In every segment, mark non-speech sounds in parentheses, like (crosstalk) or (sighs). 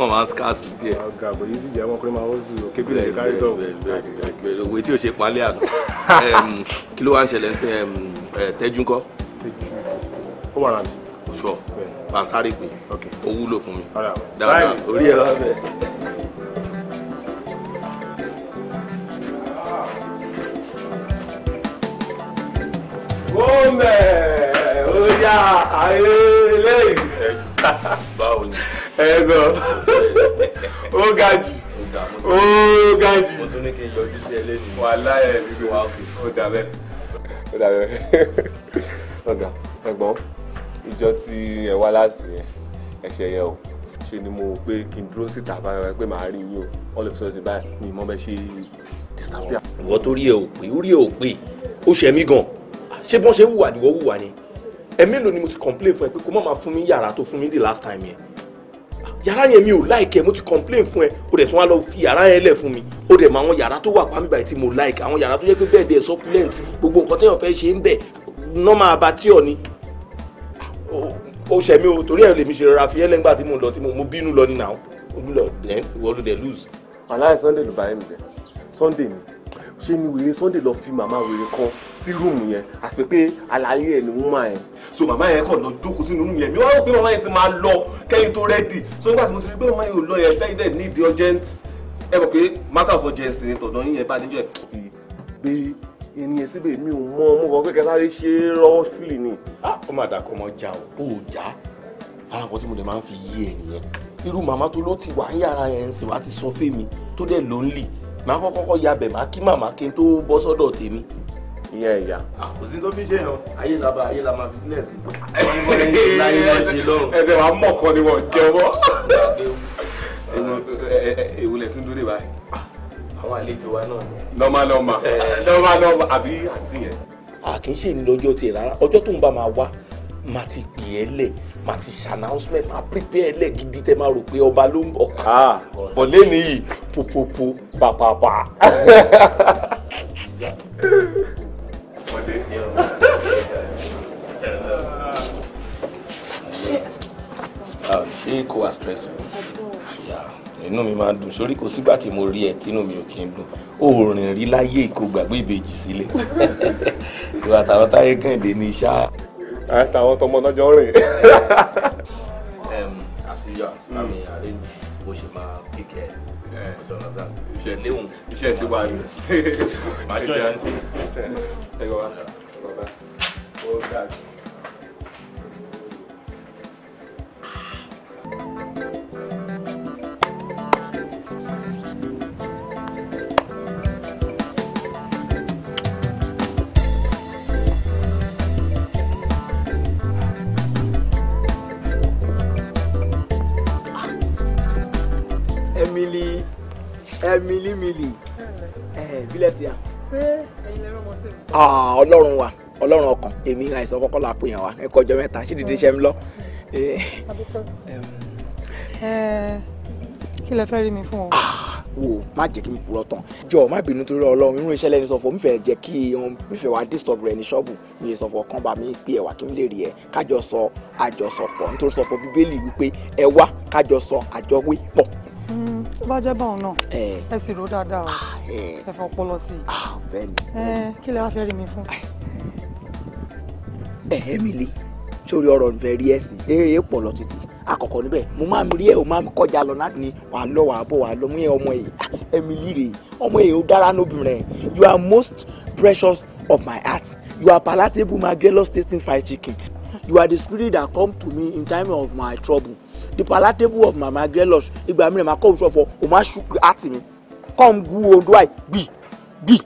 kàn máa scarce díẹ̀. ọ̀gá àgbò yìí sì jẹ́ àwọn ọkùnrin máa ń zu òkè bí lè kárí dọ̀wọ̀. bẹ́ẹ̀ òwe tí o ṣe palẹ́ àná (laughs) kí ló wá ń ṣẹlẹ̀ sí tẹ́jú ńkọ́. ó wà rà mí. sọ pansáré pé ó wúlò fún mi dáadáa orí ẹ̀ gáàdì. mo tún ní kí n yọjú sí ẹ lẹ́nu. wà á láyẹ̀ bíbí wa kù. ó dàbẹ́. ó dàbẹ́ ọ̀gá ẹ̀gbọ́n ìjọ tí ẹ wá láti yẹn ẹ̀ṣẹ̀ yẹn o ṣe ni mo pé kí n dúró síta báyọ̀ pé màá rí yín o all of a sudden báyìí mi mọ́ bẹ́ẹ̀ ṣe disappear. ìwọ tó rí ẹ ò pé ó rí ẹ ò pé ó ṣe mí gan ṣé bọ́n ṣe ń wùwà ni wọ́n wùwà ni ẹ̀mí lò mo ti complain fún ẹ pé kó má máa fún mi yàrá tó fún mi the last time yẹn yàrá yẹn mi ò láìkẹ́ mo ti complain fún ẹ o dẹ̀ tún wá lọ fi yàrá yẹn lẹ̀ fún mi o dẹ̀ mọ àwọn yàrá tó wà pàmì báyìí tí mo láìkẹ́ àwọn yàrá tó jẹ́ pé bẹ́ẹ̀ dẹ̀ succulent gbogbo nǹkan téèyàn fẹ́ ṣe ń bẹ̀ nọ́mà abatíọ̀ ni o ṣẹ̀ mi o torí ẹ̀ lèmi ṣe rọra fi ẹ́ lẹ́ngbà tí mo lọ tí mo bínú lọ ní nà ó lose. aláì Sunday ló bá mi jẹ Sunday mi ṣé ni wèrè Sunday lọ fi màmá wèrè kan sí rúùmù yẹn àti pé àlàyé ẹ̀ ni wọ́n máa yẹn so màmá yẹn kàn lọ jókòó sínú rúùmù yẹn mi wọ́n rò pé màmá yẹn ti máa lọ kẹ́yìn tó rẹ́dì so nígbà tí mo ti rí pé màmá yẹn ò lọ yẹn tẹ́yìn dẹ̀ ní the urgent ẹ mọ̀ pé matter of urgency ni tọ̀dọ̀ yín yẹn bá níjọ́ ẹ̀ fi gbé ènìyàn síbẹ̀ mi ò mọ ọmọ kan kẹ́kẹ́ sáré ṣe é rọ́wọ́ fìlì ni. Ah, ó mà dàkọ́ ọmọ ja o kò já ara nǹkan tí mo dẹ̀ máa ń fi yí ẹ̀ nìyẹn irú màmá tó ló ti wà ń yàrá yẹn ń sìn ti sọ fèmí tó dẹ̀ ló ń lì ma kọ́kọ́ ya bẹ ma kí màmá kí n tó bọ́ ya. tèmi. ìyẹn ìyá. kò sí tó fi ṣe yàn ayé la ayé la máa fi (laughs) ni wọ́n jẹ́ ọmọ. èwo tún dúró báyìí. àwọn àlejò wa náà nọ́mà nọ́mà nọ́mà nọ́mà àbí a kì í ṣe ní lọ́jọ́ tiẹ̀ rárá ọjọ́ tó ń bá máa wá máa ti pè é lẹ̀ máa ti ṣànáúsmẹ̀ máa prepare lẹ̀ gidi tẹ́ máa rò pé ọba ló ń bọ̀ ká ah, ah, bọ̀ lẹ́nu yìí popopo pàpàpà. Ah, ṣé kò wá stress inú mi máa ń dùn sórí kò sígbà tí mo rí ẹ tínú mi ò kí ń dùn òòrùn rí láyé ìkó gbàgbé ìbejì sílẹ̀ (laughs) ìwà tàwọn táyé kàn dé ní ṣáà àtàwọn tọmọ lọ́jọ́ rìn. (laughs) as usual sami arrange bó ṣe máa kíkẹ́ ọjọ́ nàzá iṣẹ́ léwu iṣẹ́ ti wà ní. (laughs) màá jọ ìdánsì. (laughs) ẹ gbọ́ bá ó dáa jù. ẹ milimili ẹ bílẹ̀ ti yà. ṣé ẹ̀yin lẹ́rọ mọ́ sí mi. ọlọ́run wa ọlọ́run ọkàn èmi àìsàn kọ́kọ́ la pè yàn wá ẹ kọjọ mẹ́ta ṣé dìde iṣẹ́ ń lọ. kí lẹ fẹ́ rí mi fún o. wo má jẹ́ kí n purọ́ tán jọ má bínú torí ọlọ́run irú iṣẹ́ lẹ́ni sọ̀fọ̀ nífẹ̀ẹ́ jẹ́ kí nífẹ̀ẹ́ wá disturb rẹ̀ ní ṣọ́ọ̀bù mi lè sọ̀fọ̀ kan bá mi pè ẹ̀wà kí n lè rí ẹ̀ kájọ sọ àjọsọ̀pọ̀ nítorí sọ̀fọ̀ bíbélì wípé ẹ̀wà kájọ sọ àjọwé pọ̀ tó bá jẹ́ báwọn náà ẹ sì rò dáadáa o ah, ẹ fọ ọpọlọ sí i ah, kí lè wá fẹ́ rí mi fún. Emily sórí ọ̀rọ̀ nfẹ rí ẹsìn ee pọ lọ títí àkọ́kọ́ níbẹ̀ mo máa rí ẹ o máa kọjá lọ láti ní wàá lọ wàá bọ̀ wàá lọ mú ẹ ah, ọmọ yìí Emily rèé ọmọ yìí ó dára lóbìnrin you are most precious of my heart you are palatable my greatest tasting fried chicken you are the spirit that come to me in time of my trouble the palatable of mama grelos ìgbà mìíràn máa kọ́ òun ṣọ̀fọ̀ òun máa ṣu àti mi kọ́ ń gu odò àì gbì gbì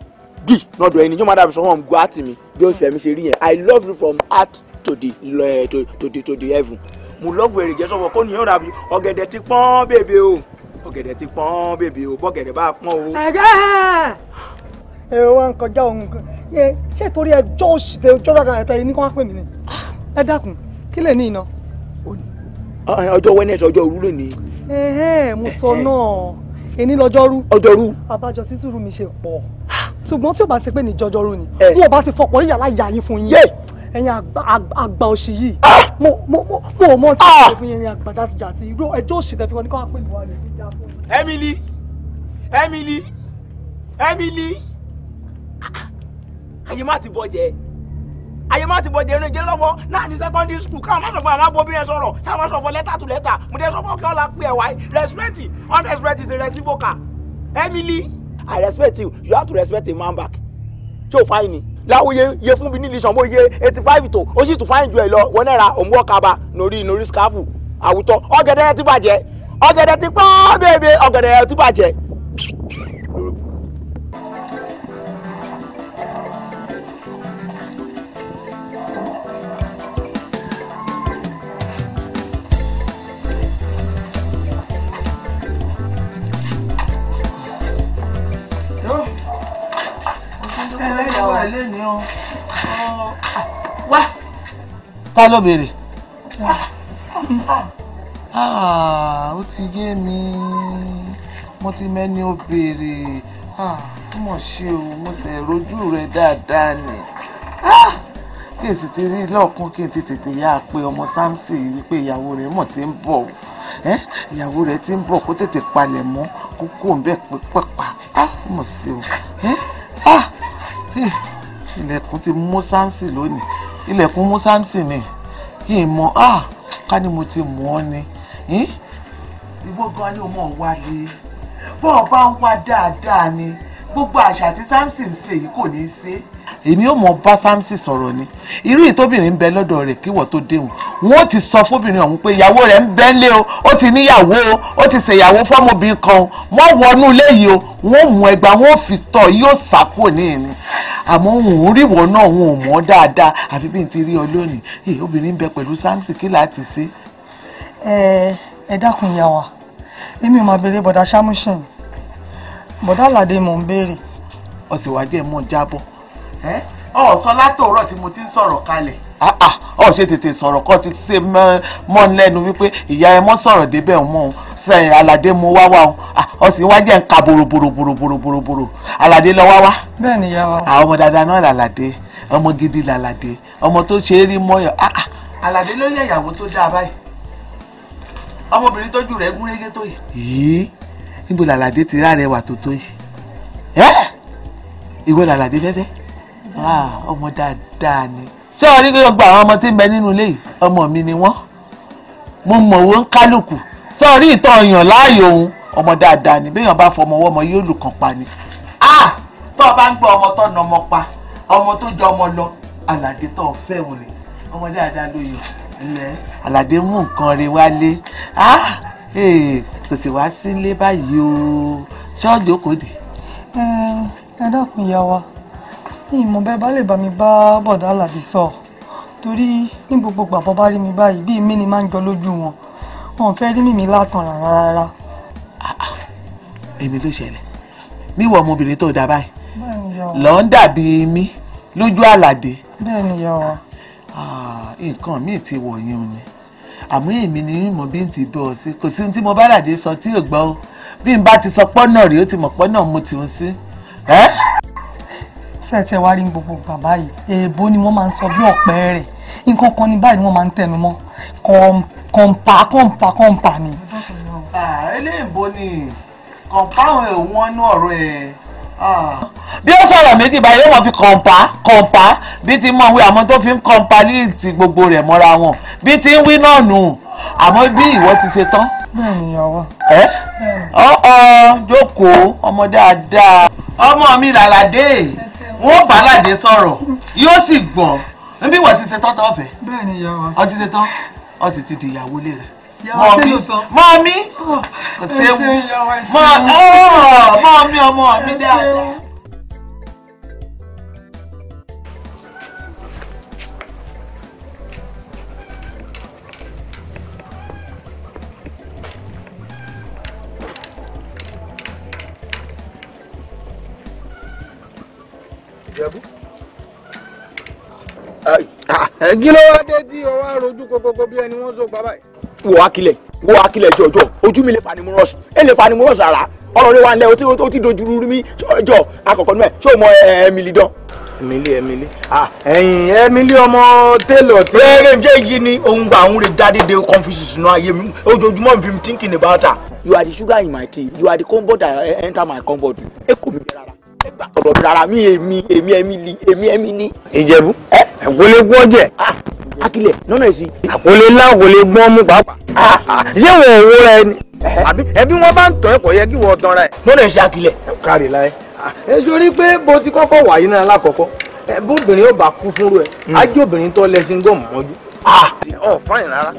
gbì nọdọ̀ ẹni jọ́ máa dàbí sọ́wọ́n gu àti mi bí ó fẹ́ mi ṣe rí yẹn i love you from heart to the eh, to, to the to the heaven mo love èrè jẹ́ sọ́wọ́ kó nìyẹn dàbí ọ̀gẹ̀dẹ̀ ti pọ́n bèbè o ọ̀gẹ̀dẹ̀ ti pọ́n bèbè o bọ́gẹ̀dẹ̀ bá pọ́n o. ẹ̀jẹ̀ ẹ̀ wọ́n ń kọjá òun ṣé torí ẹjọ́ òṣìṣẹ́ ọjọ́ rárá ẹ̀ta yìí ní kí wọ́n á pè mí ni ẹ dákun kí lè ní iná. Ah, ọjọ́ wednesday ọjọ́ òru lónìí. ẹ ẹ mo sọ náà èní lọ́jọ́rú. ọjọ́rú. abájọ títúrú mi ṣe pọ̀. ṣùgbọ́n tí o bá ṣe pé ní jọjọ́rú ni wọn eh. ò bá ti fọpọ̀ ní yàrá ìyá yín fún yín. ẹ̀yin àgbà òṣì yìí ah! mo mọ tí ah! o fi ẹ̀yin àgbà jáde jáde irú ẹjọ́ òṣì tẹ̀ wọn ní káwọn pè ní wàá rẹ̀ Emily Emily Emily àyè má ti bọ̀ jẹ́ ayé má ti bọ̀ jẹ́rìn jẹ́ lọ́wọ́ náà ní secondary school káwọn má sọ fún àwọn abóbìnrin sọ̀rọ̀ sáwọn má sọ fún lẹ́tà tó lẹ́tà mo dé sọ fún ọkẹ́ ọ̀la pé ẹ̀wá respect unrespect is a reciprocal Emily I respect you you have to respect a man back ṣé o fáyìn ni láwòye ye fún mi nílì ìṣànbó ye eighty five tó ó sì tún fáyìn ju ẹ lọ wọn náírà òmùwọ́ kaba nori nori skáfù àwùtọ ọ̀gẹ̀dẹ̀ ti bàjẹ́ ọ̀gẹ̀dẹ̀ ti pọ́ọ́ bèbè ọ̀gẹ̀dẹ̀ ti bàjẹ́. lọ́wọ́ ẹ̀ lẹ́ni o wá ta ló béèrè ah, ó ti yé mi mo ti mẹ́ni ó béèrè ah, ó ṣe o mo sì rojú rẹ dáadáa ni ah, kí n sì ti rí lọ́ọ̀kún kí n ti tètè yá a pé ọmọ Samson wípé ìyàwó rẹ̀ mọ̀ ti ń bọ̀ o ìyàwó rẹ̀ ti ń bọ̀ kó tètè palẹ̀ mọ́ kó ń bẹ̀ pípẹ́pà á mọ̀ o. (sighs) ilẹ̀kùn ti mú Samson lónìí ilẹ̀kùn mú Samson ni ìmọ̀ ah, ká ní mo ti mọ̀ ọ́ ni ìwọ gan ni o mọ̀ wá lé bọ́ọ̀ bá ń wá dáadáa ni gbogbo àṣà tí Samson ṣe yìí kò ní í ṣe é èmi ò mọ bá Samson sọ̀rọ̀ ni irú ìtóbìnrin ń bẹ lọ́dọ̀ rẹ̀ kí wọ́n tó déhùn wọ́n ti sọ fóbìnrin ọ̀hún pé ìyàwó rẹ̀ ń bẹ ńlé o ó ti níyàwó o ó ti ṣèyàwó fọ́mọbìnrin kan wọ́n wọnú ilé yìí o wọ́n mú ẹgbà wọ́n fi tọ̀ yóò sàkó ní ìní àmọ́ òun ò ríwọ náà òun ò mọ̀ dáadáa àfi bí n ti rí ọ lónìí èyí obìnrin ń bẹ pẹ̀lú Samson kí láti ṣe. ẹ ẹ dákun ìyá ọ̀sán látòrọ̀ tí mo ti ń sọ̀rọ̀ kalẹ̀. Ah, ah, ọ̀ ṣe tètè sọ̀rọ̀ kọ́ ti ṣe mọ́ lẹ́nu wípé ìyá ẹ mọ́ sọ̀rọ̀ débẹ̀ mọ́ o sẹ́yìn aládé mo wá wá o ah, ọ̀sìn wá jẹ́ nǹka bòròbòròbòròbòròbòrò aládé lọ wá wá. bẹ́ẹ̀ni ìyá wa. àwọn ọmọ dáadáa náà làlàdé ọmọ gidi làlàdé ọmọ tó ṣe é rí mọ́yọ̀ aládé ló yẹ ìyàwó tó dáa báyìí ọmọbìnrin tójú rẹ̀ gún régé tó yìí. yìí níbo làlàdé ti rárẹ̀ wà tó tó yìí ẹ́ ìwé làlàdé bẹ́ẹ̀ Ah, ọmọ dáadáa ni ṣé o rí pé gbogbo àwọn ọmọ tí ń bẹ nínú ilé yìí ọmọ mi ni wọ́n mo mọ̀ wọ́n ń kálukú ṣé o rí ìtàn èèyàn láàyò òun ọmọ dáadáa ni béèyàn bá fọmọ ọwọ́ ọmọ yóò lù kàn pa ni. Ah, tó o bá ń gbọ́ ọmọ tó na ọmọ pa ọmọ tó jọ ọmọ lọ àlàdé tó fẹ́ wọn ni ọmọ dáadáa ló yọ ilẹ̀ àlàdé mú nǹkan rẹ̀ wálé ah, eh, kò sì wá sílé báyìí o ṣọ́ọ̀jì ó kò dé. ẹ dákun ìyá wa ìmọ̀ bẹ́ẹ̀ bá lè bá mi bá bọ̀dá àlàbí sọ torí ní gbogbo gbàgbọ́ bá rí mi báyìí bíi mí ni máa ń jọ lójú wọn wọn fẹ́ rí mímí látàn rárá rárá. Ah, ah. èmi ló ṣẹlẹ̀ bí ìwọ ọmọbìnrin tó dáa báyìí lọ ń dàbí mí lójú àlàdé. bẹ́ẹ̀ ni yọ wa. Ah, nǹkan míì ti wọ̀nyí o ni àmọ́ èmi ni ìmọ̀ bí n ti bẹ́ ọ sí kò sí ní tí mo bá ràdé sọ tí ò gbọ́ bí n bá ti sọ pọ́nà rèé ó ti mọ̀ pọ́nà mo ti ń sí sẹ́ẹ̀tẹ̀ wá rí gbogbo gbà báyìí èèbó ni wọ́n máa ń sọ bí ọ̀pẹ rẹ̀ nǹkan kan ní báyìí ni wọ́n máa ń tẹnu mọ́ kọ̀ǹpà kọ̀ǹpà kọ̀ǹpà ni. eléèbó ni kọ̀ǹpà àwọn èèwọ̀n inú ọ̀rọ̀ ẹ̀ bí ó sọ̀rọ̀ méjì báyìí yóò mọ̀ fi kọ̀ǹpá kọ̀ǹpá bí ti mọ̀ wí àmọ́ tó fi ń kọ̀ǹpá líìtì gbogbo rẹ̀ mọ́ra wọn bí ti ń wí náà nù àmọ́ bí ìwọ ti ṣe tán. bẹ́ẹ̀ ni ọwọ́. ẹ ọ ọ jókòó ọmọ dáadáa ọmọ mi làlàdé wọn bàlàdé sọ̀rọ̀ yóò sì gbọ́ níbí ìwọ ti ṣe tán tán fẹ́. bẹ́ẹ̀ ni ìyàwó. ọ ti ṣe tán ọ sì ti di ìyàwó ilé rẹ̀ mọ̀mí mọ̀mí mọ̀mí ọmọ mi dáadáa. Ah, kí ló wá dé tí o wá rojú kokoko bí ẹni wọ́n so bàbá yìí. wo akilẹ̀ wo akilẹ̀ jọjọ ojú mi lè fa ni mo rọ̀ṣì ẹ lè fa ni mo rọ̀ṣì ara ọ̀rọ̀ rẹ wà ń lẹ o ti dojú rú mi jọ akọ̀kọ̀ náà ṣé o mọ Emily dán. Emily Emily ah. ẹyin Emily ọmọ télò tí. rẹ́rẹ́ ǹjẹ́ yìí ni ohun gbà ń rè dádédé confusion sínú ayé mi ojoojúmọ́ mi fi thinking about her. you are the sugar in my tea you are the comfort that enter my comfort. ẹ kò mi bẹ rárá gbà tọ̀dọ̀ mi rárá mi èmi èmi èmi li èmi èmi ni. ìjẹ̀bú àkólé gbọ́ jẹ̀. Ah, akilẹ̀ nọ́nà èsì. àkólé ńlá àkólé gbọ́n mú pàápàá. Ah, ah. ṣé wọ́n ò wúra ẹni. àbí ẹbí wọn bá ń tọ́ ẹ kò yẹ kí wọ́n tanra ẹ̀. nọ́nà èsì akilẹ̀. kárí láyé ẹ sori pé bó ti kọ́kọ́ wàyí náà lákọ̀ọ́kọ́ bóbìnrin yóò bá kú fúnrú ẹ ajé hmm. obìnrin tó lẹ́sìn gbọ́ mọ́jú. ọ̀ fáyìn rárá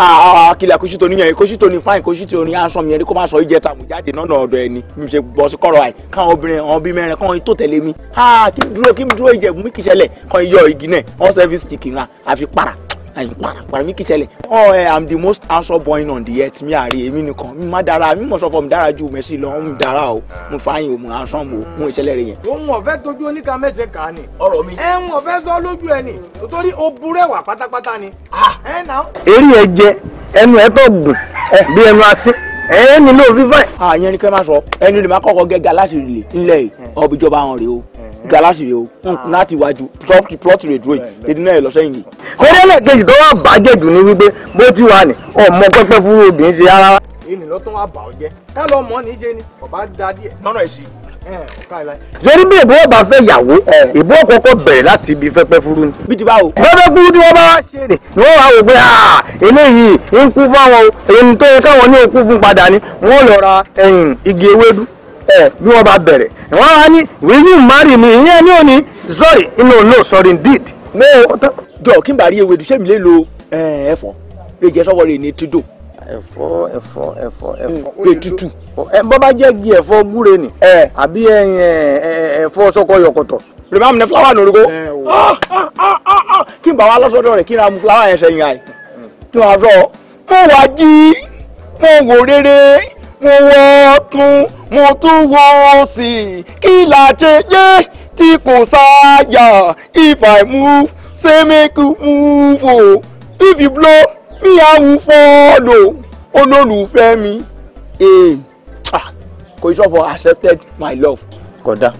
akílẹ̀ ah, ah, kóṣítò níyàn yẹn kóṣítò ní fáìn kóṣítò ní aṣọ mi yẹn kó má sọ ìjẹta àmú jáde náà ọ̀dọ̀ ẹ̀ ni mi ṣe bọ́ sí kọ́rọ̀ àì káwọn obìnrin àwọn bíi mẹ́rin káwọn tó tẹ̀lé mi ah, kí n dúró kí n dúró ìjẹ̀bù mi kì í ṣẹlẹ̀ kàn yọ igi náà wọ́n sẹ́fíìsì tìkì ńlá àfi para àyìn pàràpàrà mi kì í ṣẹlẹ̀. ọ oh, eh, i'm the most handsome boy on the earth mi àárẹ̀ èmi nìkan mi má dára mi mọ̀ sọ fún mi dára ju Messi lọ mi dára o mo fààyàn o mo handsome o mo ìṣẹ̀lẹ̀ rẹ̀ yẹn. òun ọ̀fẹ́ tójú oníka mẹ́sẹ̀ kà ni. ọ̀rọ̀ mi. ẹ ń ọ̀fẹ́ sọ lójú ẹ ni torí o burẹ́wà pátápátá ni. Ah. eré ẹ jẹ ẹnu ẹ tó gùn bí ẹnu asín ẹ nílò fífẹ́. àyẹn ni kẹ́ máa sọ ẹni lè má kọ́kọ́ gẹ́gà láti ilẹ̀ ọ̀bìjọba àwọn rèé o galasi rẹ o ah. láti wájú plọ́ọ̀tì rẹ dúró yìí dídí náà lọ yìí. kódé náà kejì tó wà bàjẹ́ jù ní wípé bó ti wà ní ọmọ pẹ́pẹ́ fún obìnrin ṣe rárá. èyí ló tún wá bà ọ jẹ ká lọ mọ ní ṣe ni ọba da díẹ̀. lọ́nà ẹ̀sìn. torí bí ìbúwọ́ bá fẹ́ yàwó ìbúwọ́ kọ́kọ́ bẹ̀rẹ̀ láti ibi fẹ́pẹ́ fúru ni. bí ti bá wo. fẹ́fẹ́ fúru tí wọ́n bá ṣe rè ni wọ́n wá wò pé ah, eléyìí ń kú fáwọn ohun tó yẹ káwọn ní òkú fún padà ni wọ́n lọ ra igi ewédú ẹ bí wọ́n bá bẹ̀rẹ̀ wọ́n wá ní will you marry me ìyẹn ní òní sorry no no sorry indeed. mo jọ kí n bá rí ewé dùsẹ́ mi lè lo ẹ̀fọ́ lè jẹ́ sọ́wọ́ rẹ̀ ní tuntun. ẹ̀fọ́ ẹ̀fọ́ ẹ̀fọ́ hmm, ẹ̀fọ́ ó lè tutù. bọ́ bá jẹ́ gi ẹ̀fọ́ gúre ni àbí ẹ̀fọ́ sọ́kọ yọkọ̀tọ̀. rẹ̀ máa mi ní fúláwà lórúkọ ah, ah, ah, kí n bá wa lọ́sọ̀dọ̀ rẹ̀ kí n ra mu fúláwà yẹn sẹ́yìn àì. Hmm. tí wọ́n á sọ mo wá jí mo wò mo wọ tún mo tún wọ sí kí la ṣe yé tí kò sáyà if i move say make you move o if you blow me i will follow olólùfẹ́ mi eh, kò sọ́fọ̀ accepted my love. kódà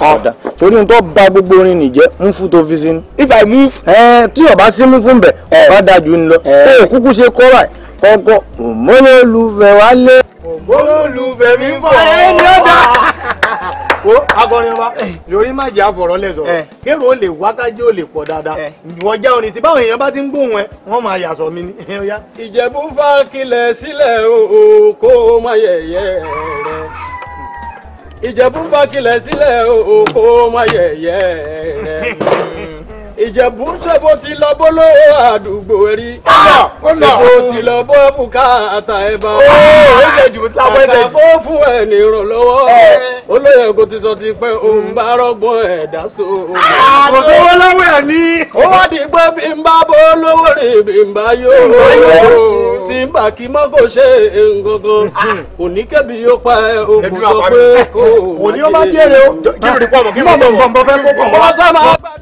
ah. kódà torí n tó ba gbogbo orin nìjẹ́ ń fún tó fi sí. if i move. ẹ eh, tí o bá sí mú fún bẹ ọba dájú ń lọ kó eh. kúkú ṣe kọ́ra ẹ̀ kọ́kọ́ òmólólùfẹ́ wálé. òmólólùfẹ́ mi ń bọ̀. ẹ ní ọ̀dà. (laughs) wo akọrin ọba eh, lórí má jẹ́ àfọ̀rọ̀ lẹ́sọ̀rọ̀ eh. kérò ó lè wákájú ó lè pọ̀ dáadáa eh. ìwọ jẹ́ orin èèyàn bá ti ń gbóhùn mi ní. (laughs) ìjẹ̀bú kilẹ̀ sílẹ̀ o kó yẹ̀yẹ́ ìjẹ̀bú ìjẹ̀bú ń ṣe bó ti lọ bó ló àdúgbò rí ṣe bó ti lọ bó bùkátà ẹ̀ bá àtàkó fún ẹ̀ nìrànlọ́wọ́ olóyè kò ti sọ ti pẹ́ òun bá rọ́gbọ́n ẹ̀ dá so. kò sówó lọ́wọ́ ẹ̀ ní. ó wá di pé bí n bá bó lówó rìn bí n bá yó tí n bà kí mọ́ kò ṣe nǹkankan kò ní kébì yóò pa ẹ òkú sọ pé kò má jẹ́ kò ní o má jẹ́ o. kí ló dé pọ̀ mọ́ kí ló dé pọ̀ mọ́.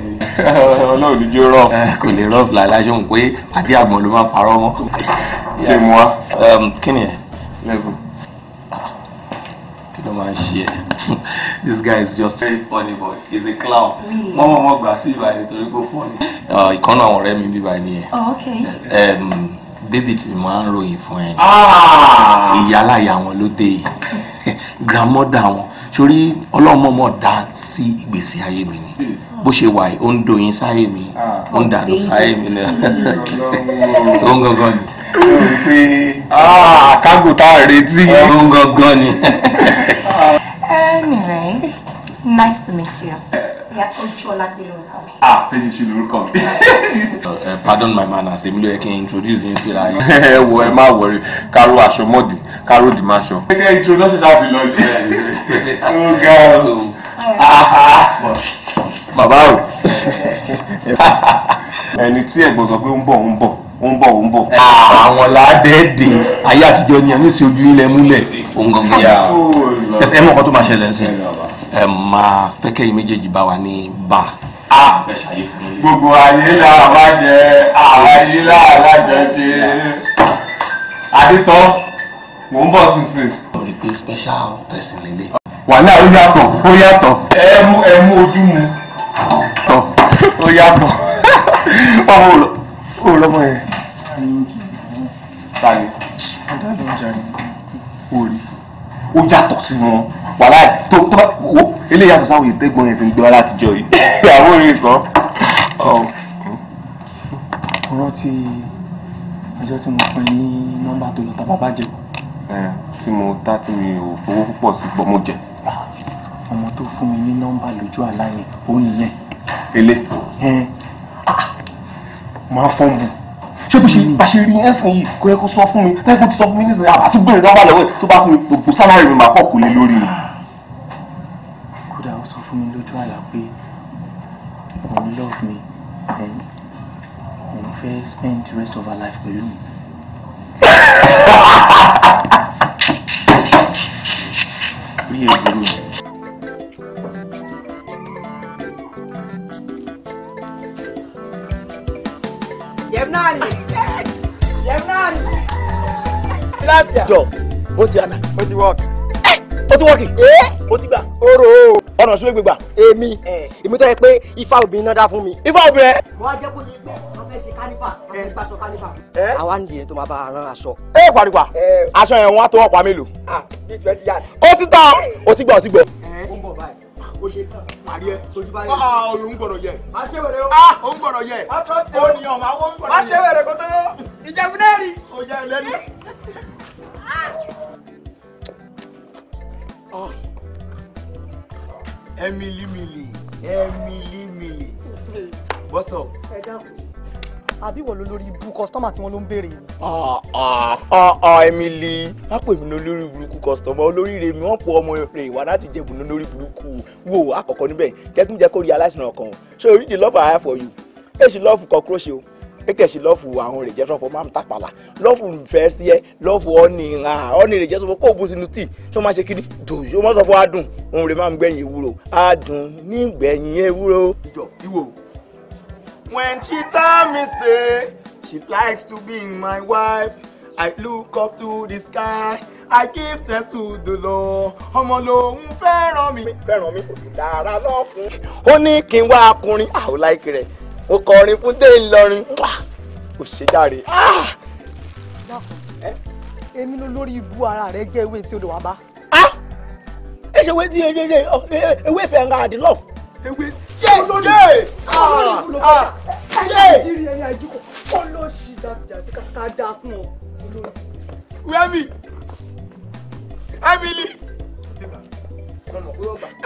(laughs) ọlọ́run ní jó rọ́ọ̀fù. Eh, kò lè rọ́ọ̀fù láì láṣọ ń pé pàdé àgbọ̀n ló máa parọ́ mọ́. ṣé mu wá. kí ẹ. level. Ah, kí ló máa ń ṣe ẹ. (laughs) this guy is just very funny boy he is a clown. wọ́n mọ̀ wọ́n gbà sí ìbàdàn torí pé fọ́ọ̀nì. Ah, ìkànnà àwọn ọ̀rẹ́ mi bíbá ni ẹ. oh okay. Um, bébì tí mo máa ń ròyìn fún ẹ. Ah! ìyá láyà wọn ló dé yìí. (laughs) grandmother wọn sórí ọlọ́mọọmọ dá sí ìgbésí ayé mi ni bó ṣe wà ó ń doyin sáyé mi ah, ó ń dàdó sáyé mi náà tó ń gangan ni. pé ah, tá a retí. ó ń gangan ni. Ah. anyway nice to meet you. Eh, ah Tejiṣu lorúkọ mi. Uh, pardon my manners èmi ló yẹ kí n introduce yín síra yín. (laughs) ẹ wọ ẹ má Karu káró aṣọ mọ́dì káró dì má ṣọ. ẹ the introduction (laughs) Oh, ti lọ jẹ́ ló ga ọ. bàbá o (laughs) ẹni tí ẹ̀gbọ́n sọ pé ó ń bọ̀ ó ń bọ̀ ó ń bọ̀ ó ń bọ̀. Ah, àwọn làádẹ́ẹ̀dẹ̀ ayé àtijọ́ ni a ní sí ojú ilẹ̀ múlẹ̀ òun oh, gangan ẹ mọ̀ nǹkan tó máa ṣẹlẹ̀ sí máa fẹ́ kẹ́yìn méjèèjì bá wa ní bá a fẹ́ ṣàyè fún mi. gbogbo ayé làwa jẹ àwọn ayé làwa jẹ ṣe adétọ mò ń bọ̀ sísè. lórí pé special person lélẹ̀. wàhálà ó yàtọ̀ ó yàtọ̀. ẹ mú ẹ mú ojú mu. ó yàtọ̀ ọmọ olọmọ yẹn. ta ni. ọ̀dọ́ àdó orí ó yàtọ̀ sí wọn wàhálà tó tó bá wo eléyà tó sáwọn ìtẹ́gbọ̀n yẹn ti ń gbé wa láti jọ yìí (laughs) ìyàwó rẹ̀ kan. mo rántí ọjọ́ tí mo fún ẹ ní nọ́mbà tó lọ tábà bàjẹ́. tí mo ta tí mi ò fowó púpọ̀ sí gbọ́ mo jẹ. Ah, ọmọ tó fún mi ní nọ́mbà lójú àlá ó nìyẹn. ele. Ah, máa fọ́n bù ṣé bó ṣe bá ṣe rí ẹsìn yìí kò yẹ kó sọ fún mi tẹ́kùn ti sọ fún mi nísìnyí àtúgbò ìdánwà lọ́wọ́ tó bá fún mi gbogbo sálárì mi máa kọ̀ kò lé lórí kódà ó sọ fún mi lójú àlá pé òun love me then òun fẹ́ spend the rest of her life pẹ̀lú mi. (laughs) orí ẹ̀ burú mi. jọ ó ti àná. ó ti wọ́ọ̀kì. Eh, ó ti wọ́ọ̀kì. Eh? ó ti gbà. oró ọ̀nà sún gbégbà. èmi eh. èmi tó yẹ pé ifá obìnrin náà dá fún mi. ifá obìnrin. wọ́n á jẹ́ kó ní gbé kánífà kánífà. àwa ń tó máa bá a aṣọ. ẹ pariwa aṣọ yẹn wọn á tó ọ̀pá mélòó. Ah, ó ti tán ó ti gbọ́ ó ti gbọ́. ó ń bọ̀ báyìí ó ṣe parí ẹ tójú bá yẹ. ọ ah, òun gbọ́dọ̀ yẹ. má ṣe wèrè o. ah òun gbọ́dọ̀ yẹ. o. ní ọmọ àwọn òun gbọ́dọ̀ yẹ. má ṣe wèrè kótó. ìjẹ̀bú náà rí. ó jẹ́ ẹlẹ́nu. Ah. Emily Mili. Emily Mili. What's up? Ẹ dákun. Àbí wọ̀ ló lórí ibú kọ́sítọ́mà tí wọ́n ló ń béèrè yìí. Ọ̀ọ̀ ah, ah, Emily. Wọ́n pè mí lórí burúkú kọ́sítọ́mà olóríire mi wọ́n pọ̀ ọmọ rẹ̀ wá láti jẹ̀bù ní lórí burúkú wò àkọ́kọ́ níbẹ̀ jẹ́kúnjẹ́ kórìí aláìsàn ọkàn. Ṣé orí di love I have for you? Èsì love cockroach o pẹ́kẹ̀ sí àwọn rejections for máa ń tàpàlà lọ́ọ̀fù ìfẹ́ sí ẹ lọ́ọ̀fù ọ̀nì ìhà ọ̀nì rejections for kó sínú tíì tí wọ́n máa ṣe kíni dòjò wọ́n sọ fún adùn òun rè máa ń gbẹ̀yìn ewúro adùn nígbẹ̀yìn ewúro. jọ iwo. when she tell me say she likes to be my wife i look up to the sky I give them to the Lord. Ọmọ lòun fẹ́ràn mi. Fẹ́ràn mi kò dára lọ́kùn. Ó ní kí n wá akùnrin, I ah, like rẹ̀ ó kọrin fún dé ńlọrin kò ṣe jàre. Ah! èmi ló lórí ibú ara rẹ jẹ́ ewé tí odò wa bá. Ah! ẹ ṣe wé tí ewé fẹ́ ra àdín lọ. ewé yé lóde yé. olóṣì jàdìjàdì kàkà dáa fún ọ. wẹ́mi Emily.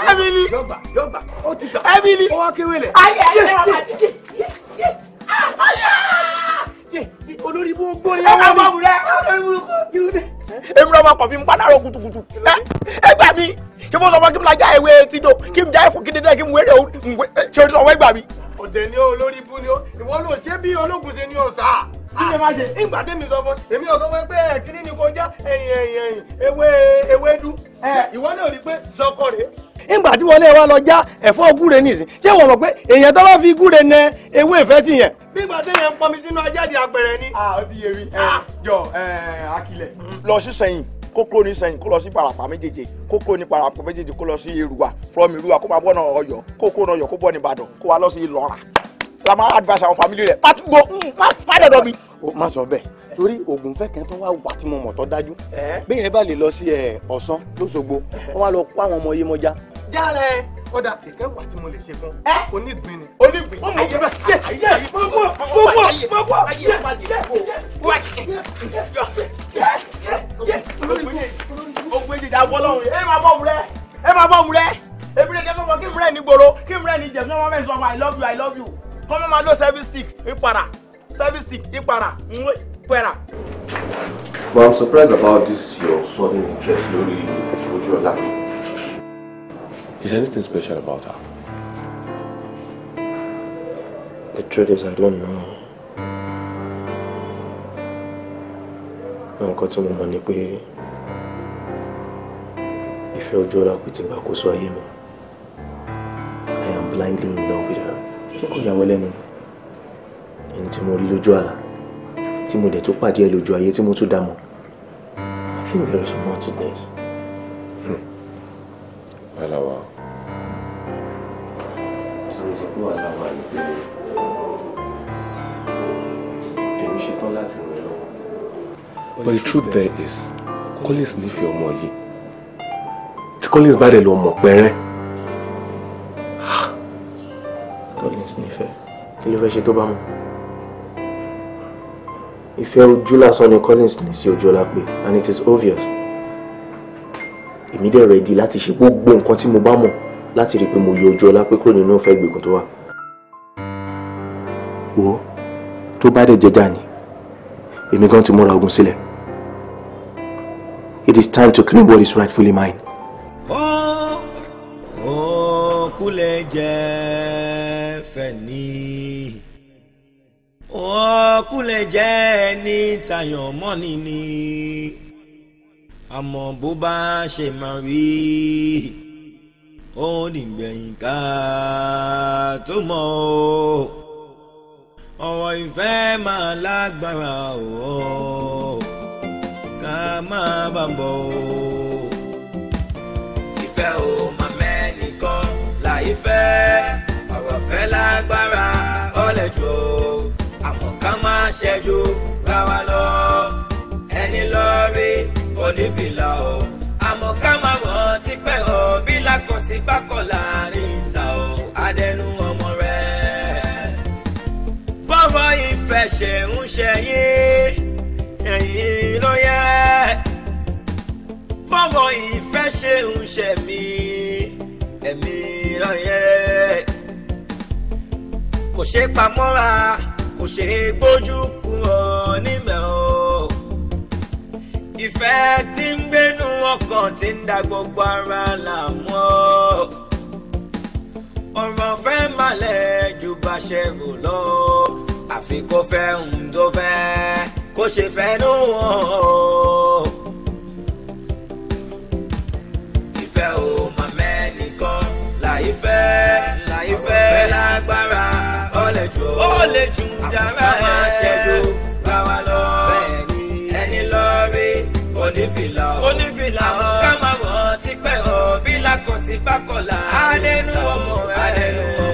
Emily yọgbà yọgbà ó ti gbà Emily ó wá kéwé lẹ̀. ayé ayé ọ̀rọ̀ àti olórí bó gbóni. ẹ máa bọ̀ wúrẹ́ èmúra máa kàn fi mú padà kutukutu ẹ gbà mí ṣé mo sọ fún kí mo lajà ewé do kí mo já ẹfọ kí dédé kí mo wéré o ti sọ fún ẹ gbà mí. ọ̀dẹ̀ ni olórí bú ni ó ìwọ ló ṣe bí ológun ṣe ni ó sá kí lè má ṣe. ìgbà tẹ́mi sọ fún èmi ọ̀gá wọn pé kíní ni kò já ẹ̀yìn ẹ̀yìn ẹ̀yìn ewé ewédú ìwọ náà rí i pé zọkọ rèé. ìgbà tí wọlé wa lọ já ẹ̀fọ́ gúre nìsín ṣé wọ́n mọ̀ pé èèyàn tó bá fi gúre nẹ ewé ìfẹ́ sí yẹn. bí ìgbà téèyàn ń pọnmi sínú ajáde àpẹẹrẹ ni. a ó ti yé mi ah! jọ akilẹ. lọ sí sẹ́yìn kókó ní sẹ́yìn kó lọ sí parapa méjèèjì kókó ní parapa méjèèjì kó lọ sí Èrúwà from Èrúwà kó máa bọ́ náà Ọ̀yọ́ kókó náà Ọ̀yọ́ kó bọ́ ní Ìbàdàn kó wá lọ sí Ìlọra la máa advice àwọn family rẹ̀ mm. má dọ̀dọ̀ mi. o má sọ bẹ́ẹ̀ torí oògùn fẹkẹ tó wá wà tí mo mọ̀ tó dájú bẹ́ẹ̀ yẹn bá lè lọ sí ọ̀sán lọ́sọ̀gbọ̀ wọ́n wá lọ kó àwọn ọmọ yìí mọ́já. jálẹ̀ kódà kẹ̀kẹ́ wà tí mo lè ṣe fún onígbìn ni. onígbìn ó mọ ọgbẹ bá yẹ yẹ mọ mọ mọ mọ mọ mọ yẹ yẹ yẹ yẹ ogun ejì dàgbọ́ lọ́hùn yẹ. ẹ máa bọ̀ wúrẹ́ ẹ máa bọ̀ wúrẹ́ èmi lè jẹ́ fún wọn kí n rẹ̀ ní gbòòrò kí n rẹ̀ ní jẹ̀fún ọmọ mẹ́sàn-án I love you I love you kọ́mọ́ máa lo service stick ìpara service stick ìpara nwe pẹ̀ra. But I'm surprised about this your sudden interest lórí Ojúọlá. Is anything special about her? The truth is I don't know. Nǹkan tí mo mọ̀ ni pé ìfẹ́ Ojúọlá kò ti gbàkóso ayé mi. I am blindly in love with her ṣé kò lẹ́nu ẹni tí mo rí lójú àlá tí mo dẹ̀ tún pàdé ẹ lójú ayé tí mo tún dá I think there is more to this. Alawa. Hmm. Sọ̀rọ̀ sọ pé Alawa ni pé èmi ṣetán láti rìn lọ́wọ́. But the truth there is Collins nífẹ̀ẹ́ ọmọ yìí tí Collins bá dẹ̀ lọ mọ̀ pẹ́rẹ́. Collins nífẹ̀ẹ́ kí ló fẹ́ ṣe tó bá mọ̀ ìfẹ́ ojú lásán ni Collins ní sí Ojúọlápé and it is obvious èmi dẹ̀ ready láti ṣe gbogbo nǹkan tí mo bá mọ̀ láti rí i pé mo yọ Ojúọlápé kúrò nínú ìfẹ́ ìgbèkùn tó wà. wo Go. bá dẹ̀ jẹjà ni èmi gan ti múra ogun sílẹ̀ it is time to claim what is rightfully mine. ó ó kúlẹ̀ jẹ́ ní. ó kúnlẹ̀ ẹni tayọ̀ mọ́ni ni àmọ́ bó bá ṣe máa rí ó dìgbẹ̀yìn ká tó mọ̀ ọ́ ọ̀rọ̀ ìfẹ́ máa lágbára ọ̀ ká máa bàbọ̀ ọ́. ṣẹ́jú gbá wa lọ ẹni lọ́ọ́rí kò ní fìlà o àmọ́ ká má mọ̀ ti pẹ́ o bí lákọ̀sí bá kọ̀ láàrin ìta o adẹnu ọmọ rẹ̀ bọ́rọ̀ ìfẹ́ ṣe ń ṣe yín ẹ̀yìn ló yẹ bọ́rọ̀ ìfẹ́ ṣe ń ṣe mí ẹ̀mí ló yẹ kò ṣe pamọ́ra kò ṣeé gbójú kú ọ nímẹ̀ o. ìfẹ́ tí ń gbénu ọkàn tí ń da gbogbo ara làmú ọ. ọ̀rọ̀ fẹ́ malẹ̀ ju bá ṣe rò lọ. àfi kó fẹ́ ohun tó fẹ́ kó ṣe fẹ́ nù ọ́. ìfẹ́ o màmẹ́ nìkan láì fẹ́ láì fẹ́ lágbára ó lè jù ó àkùkà máa ṣẹ́jú bá wa lọ ẹni lọ rí onífìlà o onífìlà o àkùkà máa wọ̀ ọ́ ti pẹ́ o bí lákọ̀sí bá kọ̀là alẹ́nu ọmọ rẹ̀ alẹ́nu ọ́.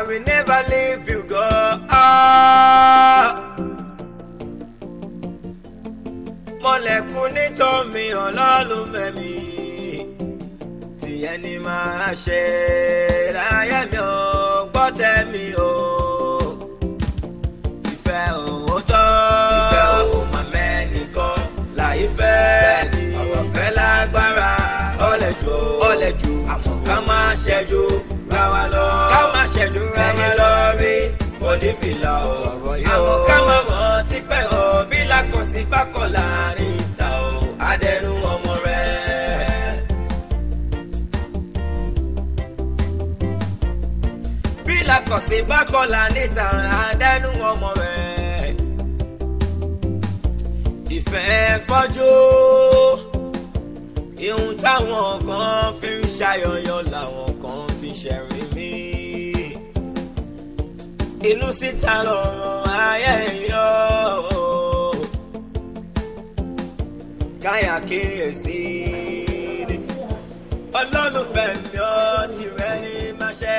I will never leave you, God. Mọ̀lẹ́kùn nítọ́ mi ọlọ́run mẹ́mi tìyẹn ni màá ṣe láyé mi ò gbọ́ tẹ́ mi o. Ìfẹ́ òótọ́ ìfẹ́ òun màmẹ́ nìkan láì fẹ́ ni ọ̀rọ̀ fẹ́ lágbára ọ̀lẹ́jù ọ̀lẹ́jù àmọ́ ká má ṣẹ́jú gbà wá lọ. ká má ṣẹ̀dú ẹni lọ rí onífìlà ọ̀rọ̀ yóò. àmọ́ ká mọ̀ ọ́ ti pẹ́ o bí lákọ̀sí bá kọ̀ láàrin ìta o adẹnu ọmọ rẹ̀. bí lákọ̀sí bá kọ̀ láàrin ìta adẹnu ọmọ rẹ̀. ìfẹ́ fọ́jú ihun táwọn kan fi ń ṣayọyọ làwọn kan fi ṣẹ̀rí mi. inú síta lọ̀rọ̀ ayé yọ. káyà kíyèsí olólùfẹ́ mi ó ti rẹ́ ní máṣẹ́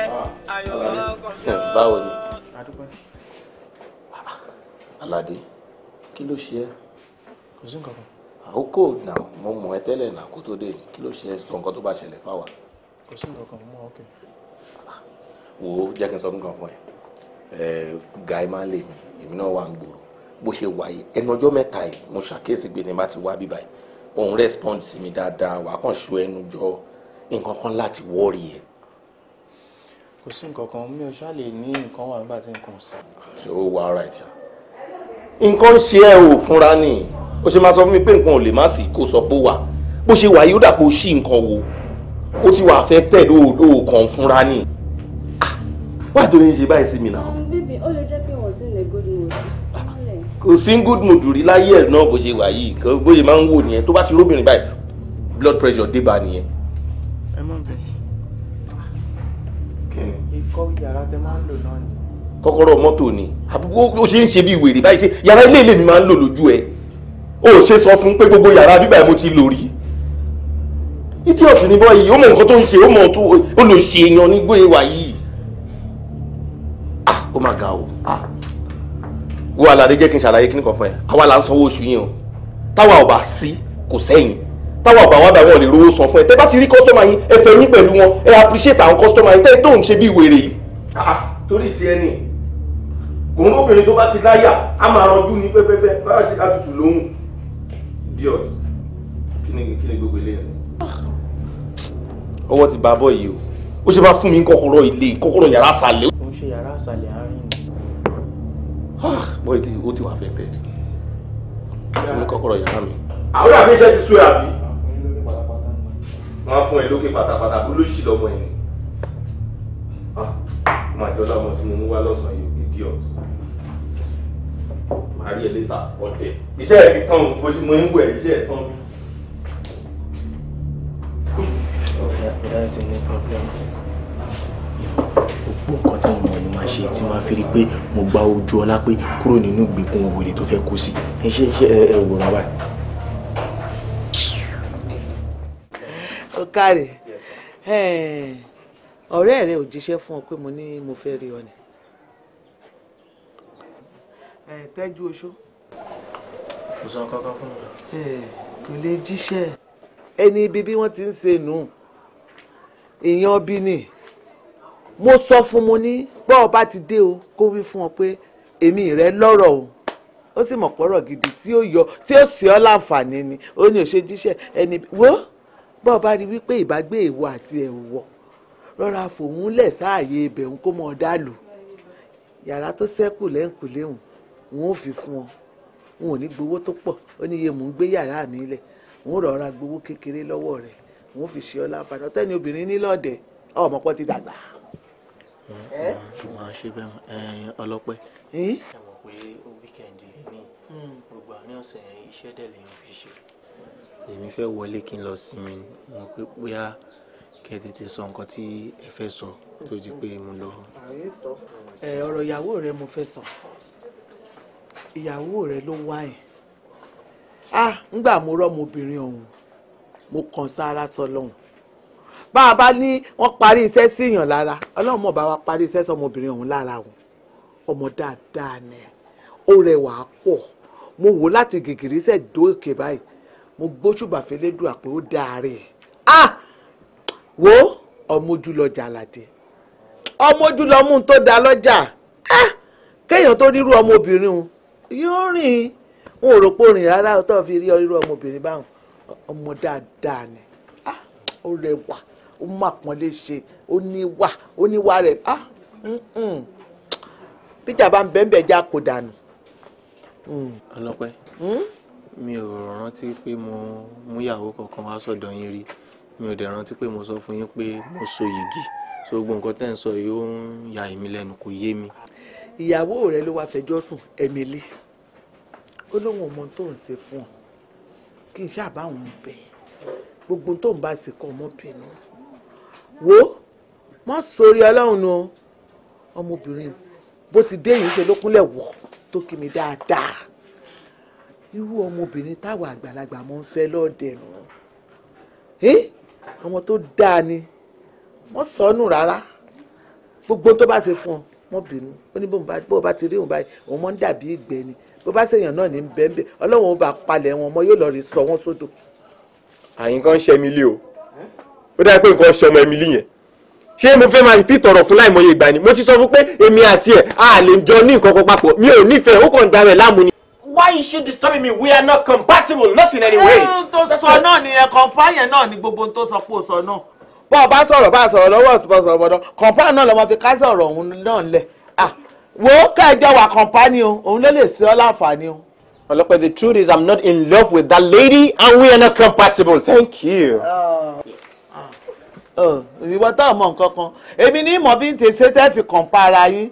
ayọ̀ ọkàn mi hmm, ó. báwo ni aládé kí ló ṣe é. kò sí nǹkan kan àkókò náà mo mọ̀ ẹ́ tẹ́lẹ̀ náà kó tó dé kí ló ṣe sọ nǹkan tó bá ṣẹlẹ̀ fáwa. kò sí nǹkan kan mọ́ ọ́kẹ́ wo jẹ́ kí n sọ nǹkan fún ẹ guy máa lè mi èmi náà wà ń gbòòrò bó ṣe wà yìí ẹnu ọjọ́ mẹ́ta yìí mo ṣàkíyèsí pé ní bá ti wá bíbáyìí òun respond sí mi dáadáa wà á kàn ṣu ẹnu jọ nǹkan kan láti wọ́ọ̀rì ẹ̀. kò sí nǹkan kan mi ò ṣáà lè ní nǹkan wà nígbà tí nǹkan sí. ṣé o, wà ara ìṣá. nǹkan ṣe ẹ ò fúnra ni ó ṣe máa sọ fún mi pé nǹkan ò lè má sí kó sọ pé wà bó ṣe wà ó dàpọ̀ ṣí nǹkan wo ó ti wà affected ó kàn wá tó lè ń ṣe báyìí sí mi náà. bíbí ó lè jẹ́ pé wọ́n sì ní good mood. kò sí good mood rí láyé ẹ̀ náà bó ṣe wà yìí bó ṣe máa ń wò nìyẹn tó bá ti lóbìnrin báyìí blood pressure dé bá nìyẹn. ẹ má bẹ ikọ́ yàrá tẹ máa ń lò náà ni. kọ́kọ́rọ́ mọ́tò ni àbúkó ó ṣe ń ṣe bí wèrè báyìí ṣe yàrá ilé ilé mi máa ń lò lójú ẹ o ṣe sọ fún pé gbogbo yàrá bíbá mo ti lò rí idiot ni bọ́ọ̀ yìí ó mọ nǹkan tó ń ṣe ó mọ tó ó lò ṣe èèyàn nígbó ewa yìí ó mà ga o ah. wo àlàdé jẹ́ kí n ṣàlàyé kíní kan fún ẹ àwa là ń sanwó oṣù yín o táwa ò bá sí kò sẹ́yìn táwa ọba wàdà wọn lè rówó san fún ẹ tẹ bá ti rí kọ́sítọ́mà yín ẹ fẹ́ yín pẹ̀lú wọn ẹ appreciate àwọn kọ́sítọ́mà yín tẹ́ tó ń ṣe bí wèrè yìí. Ah, torí ti ẹni kò ń obìnrin tó bá ti láyà á máa ranjú ní fẹ́fẹ́fẹ́ báyà ti àtútù lóhùn idiot kí ni kí ni gbogbo ilé ẹ̀sìn. ọwọ́ ti bá bọ́ yìí o ó ṣe bá fún mi kọ́kọ́rọ́ ilé ṣe yàrá àṣàlẹ̀ àárín ni. bọ́ ìdí ó ti wà fẹ́ tẹ̀ fún mi kọ́kọ́rọ́ yàrá mi. àwọn àmì iṣẹ́ ti sú ẹ àbí. máa fún ẹ lókè pátápátá bó ló ṣì lọ́mọ ẹ ni. Ah, máa jọ láwọn tí mo mú wá lọ́sàn-án yìí idiot. màá rí ẹ létà ọ̀tẹ̀. iṣẹ́ ẹ ti tán bó ṣe mo ń wẹ̀ iṣẹ́ ẹ tán. ọ̀gá ọ̀gá ti ní pọ́blẹ́mù gbogbo nǹkan tí mo mọ̀ ni màá ṣe tí màá fi rí pé mo gba ojú ọlá pé kúrò nínú ìgbèkùn òwèrè tó fẹ́ kú sí ẹ ṣe ṣe ẹ wò rán wa. ọ̀kàrẹ̀ ọ̀rẹ́ rẹ ò jíṣẹ́ fún ọ pé mo ní mo fẹ́ rí ọ ni tẹ́jú oṣó. kò san kankan fún mi. kò lè jíṣẹ́ ẹni ibi bí wọ́n ti ń ṣe nù ìyẹn ọbí ni. Eh, mo sọ fún mo ní bọ́ ọ bá ti dé o kó wí fún ọ pé èmi rẹ lọ́rọ̀ o ó sì mọ̀ pọ̀rọ̀ gidi tí ó yọ tí ó sì ọ́ láǹfààní ni ó ní òṣè jíṣẹ́ ẹni wo bọ́ ọ bá rí wípé ìbágbé èèwọ̀ àti ẹ̀wọ̀ rọra fòun lẹ̀ sáàyè ibẹ̀ ń kó mọ́ ọ dálù yàrá tó ṣẹ́kù lẹ́ǹkùléhùn wọn ò fi fún ọ wọn ò ní gbowó tó pọ̀ ó ní iye mò ń gbé yàrá mi lẹ̀ wọn ò rọra gbowó kékeré lọ́wọ́ rẹ̀ wọn ò fi ṣe ọ láǹfààní ọ̀tẹ́ni obìnrin nílọ̀ọ̀dẹ̀ ọmọ pọ́ ti dàgbà màá eh? ṣe bẹ́ẹ̀ ọlọ́pẹ́ ẹ eh? mọ̀ pé wíkẹ́ndì ní hmm. gbogbo àárín ọ̀sẹ̀ iṣẹ́ dẹ̀ lèèyàn fi ṣe èmi fẹ́ wọlé kí n lọ sinmi mo pé bóyá kẹ́ ẹ tètè sọ nǹkan tí ẹ fẹ́ sọ tó di pé mo lọ. ẹ eh, ọ̀rọ̀ ìyàwó rẹ mo fẹ́ sọ ìyàwó rẹ ló wá ẹ̀ ah ńgbà mo rọ́ ọmọbìnrin ọ̀hún mo kàn sára sọ lọ́hùn bá a bá ní wọ́n parí iṣẹ́ sí èèyàn lára ọlọ́run mọ̀ bá wa parí iṣẹ́ sọmọbìnrin ọ̀hún lára wọn ọmọ dáadáa ni ó rẹwà pọ̀ mo wò láti gìgìrísẹ̀ dókè báyìí mo gbóṣùbà fẹlẹ́dùn àpò ó dáre ah wo ọmọ ojú lọjà àlàdé ọmọ ojú lọmú tó da lọ́jà ah kéèyàn tó rírú ọmọbìnrin o yóò rìn n ò rò pé òrìn rárá tó fi rí ọmọbìnrin báwọn ọmọ dáadáa ni ó rẹwà ó mú àpọ́nlé ṣe ó níwà ó níwà rẹ̀ ah bíjà bá ń bẹ́ẹ̀ bẹ́ẹ̀ já kó dànù. Hmm. ọlọ́pẹ́ hmm? mi ò rántí pé mo múyàwó kankan wá sọ́dọ̀ yín rí mi ò dẹ̀ rántí pé mo sọ fún yín pé mo so yìgì so gbogbo nǹkan tẹ́ ń sọ yìí ó ń ya èmi lẹ́nu kò yé mi. ìyàwó rẹ ló wá fẹjọ́ sùn Emily ó lóun ò mọ tó ń ṣe fún ọ kí n ṣáà bá òun bẹ gbogbo tó ń bá ṣe kọ ọmọbìnrin wo mọ́ sórí ọlọ́run nu ọmọbìnrin bó ti dé yìí ṣe ló kúnlẹ̀ wọ̀ tó kí mi dáadáa irú ọmọbìnrin táwọn àgbàlagbà mọ́ ń fẹ́ lọ́ọ̀dẹ̀ nù ọmọ tó dáa ni wọ́n sọnù rárá gbogbo tó bá ṣe fún ọ wọ́n bínú ó ní bó o bá ti rí òun báyìí òun mọ́ ń dàbí ìgbẹ́ ni bó bá ṣèyàn náà ní bẹ́ẹ̀nbẹ́ ọlọ́run ó bá palẹ̀ wọn ọmọ yóò lọ rí sọ wọ́n sódò. àyìn ń ṣe mí lé o ó dáa pé nǹkan ṣe ọmọ Emily yẹn ṣé mo fẹ́ máa repeat ọ̀rọ̀ fún láìmọye ìgbà ni mo ti sọ fún pé èmi àti ẹ̀ a lè jọ ní nǹkan kan papọ̀ mi ò nífẹ̀ẹ́ ó kàn dára ẹ̀ láàmú ni. why you should disturb me we are not compatible not in any way. ẹ tó sọ náà ni ẹ companion náà ni gbogbo tó sọ pé ó sọ náà. bọ́ọ̀ bá sọ̀rọ̀ bá sọ̀rọ̀ lọ́wọ́ ọ̀sọ̀rọ̀ bọ̀dọ̀ companion náà lọ́mọ fi kásẹ̀ ọ̀rọ̀ òun náà lẹ̀ wo kẹjọ wà companion òun ló lè ṣe ọ láǹfààní o. ọlọpẹ the truth is i'm not in love with that lady and we are not compatible thank you. Uh ìwọ tá ò mọ nǹkan kan èmi ní ìmọ̀ bí n tè ṣe tẹ́ fi kàn para yín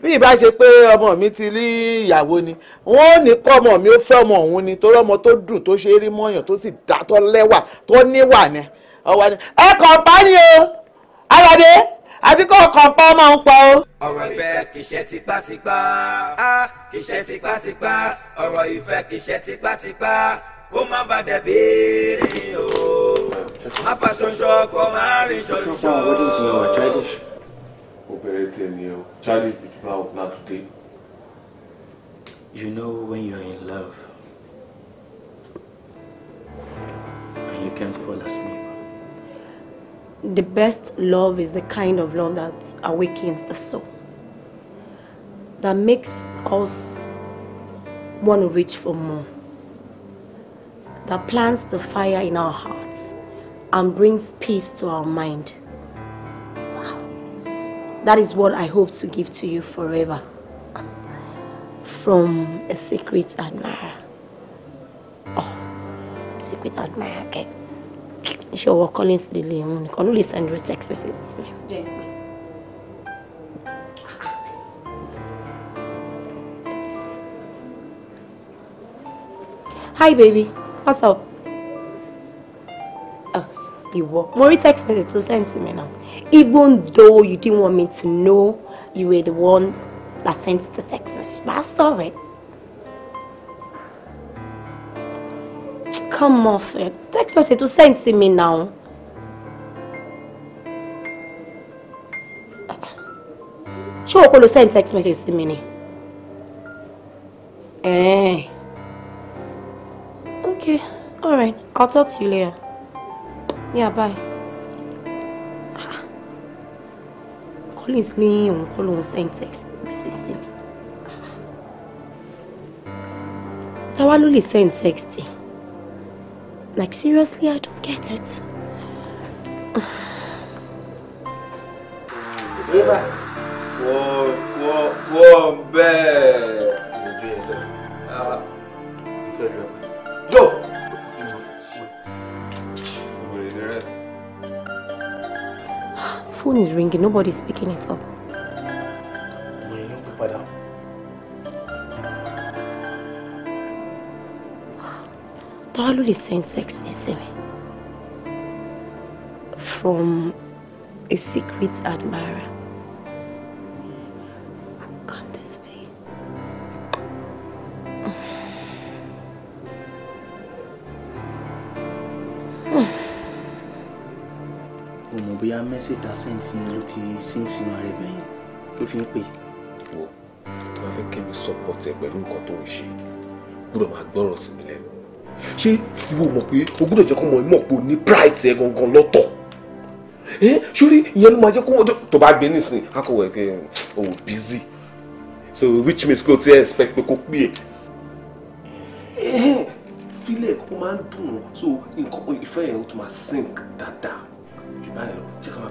bí ìbá ṣe pé ọmọ mi ti rí ìyàwó ni wọn ní kọ́ ọmọ mi ó fẹ́ ọmọ òun ni torí ọmọ tó dùn tó ṣe rí mọ́yàn tó sì dá tó lẹ́wà tó níwà ni ọwọ́ ni ẹ kàn pa ni o alade àti kó kàn pa ọmọ òun pa o. ọ̀rọ̀ ìfẹ́ kì í ṣe tipátipá kì í ṣe tipátipá ọ̀rọ̀ ìfẹ́ kì í ṣe tipátipá kó má bàa rìn o. Papa ṣoṣo kò childish? Ó bẹ̀rẹ̀ childish bìtì bá today. You know when you're in love and you can't fall asleep. The best love is the kind of love that awakens the soul. That makes us want to reach for more. That plants the fire in our hearts and brings peace to our mind. Wow. That is what I hope to give to you forever. From a secret admirer. Oh, secret admirer, okay. Iṣẹ́ ọwọ́ Collins lè lè mú nìkan ló lè send you text messages. sí Hi baby, what's up? ìwọ mo rí text message tó send sí mi náà even though you didn't want me to know you were the one that sent the text message but that's all right. come off it text message tó send sí mi náà. ṣé òkú ló send text message sí mi ni. Eh. Okay, alright, I'll talk to you later ní abáyé Collins ní òun kọ́ lòun send text gbèsè sí mi táwa ló lè send text like seriously I don't get it. Eva, wọ́n wọ́n wọ́n bẹ́ẹ̀. Ìjọ yẹn rẹ. Phone is ringing, nobody is picking it up. Mo yẹn ló ń pè is Tara text From a secret admirer. bóyá mẹ́sìta sẹ́ǹtì yẹn ló ti síǹtì inú ara ẹ̀bẹ̀ yẹn ló fi ń pè. wo tó bá fẹ́ kí mi support ẹ pẹ̀lú nǹkan tó ń ṣe gbọ́dọ̀ máa gbọ́rọ̀ sí mi lẹ́nu ṣé ìwọ mọ̀ pé o gbọ́dọ̀ jẹ́ kó mọ̀ mọ̀ pé o ní pride ẹ gangan lọ́tọ̀ ẹ sórí ìyẹn ló máa jẹ́ kó wọ́n tó bá gbé nísìnyí akọ̀wé ẹ̀ o busy so which means pé o ti expect pé kó pè é fílẹ̀ kó máa ń dùn so nǹkan ìfẹ́ yẹn o tún máa sink dáadáa jù báyìí lọ.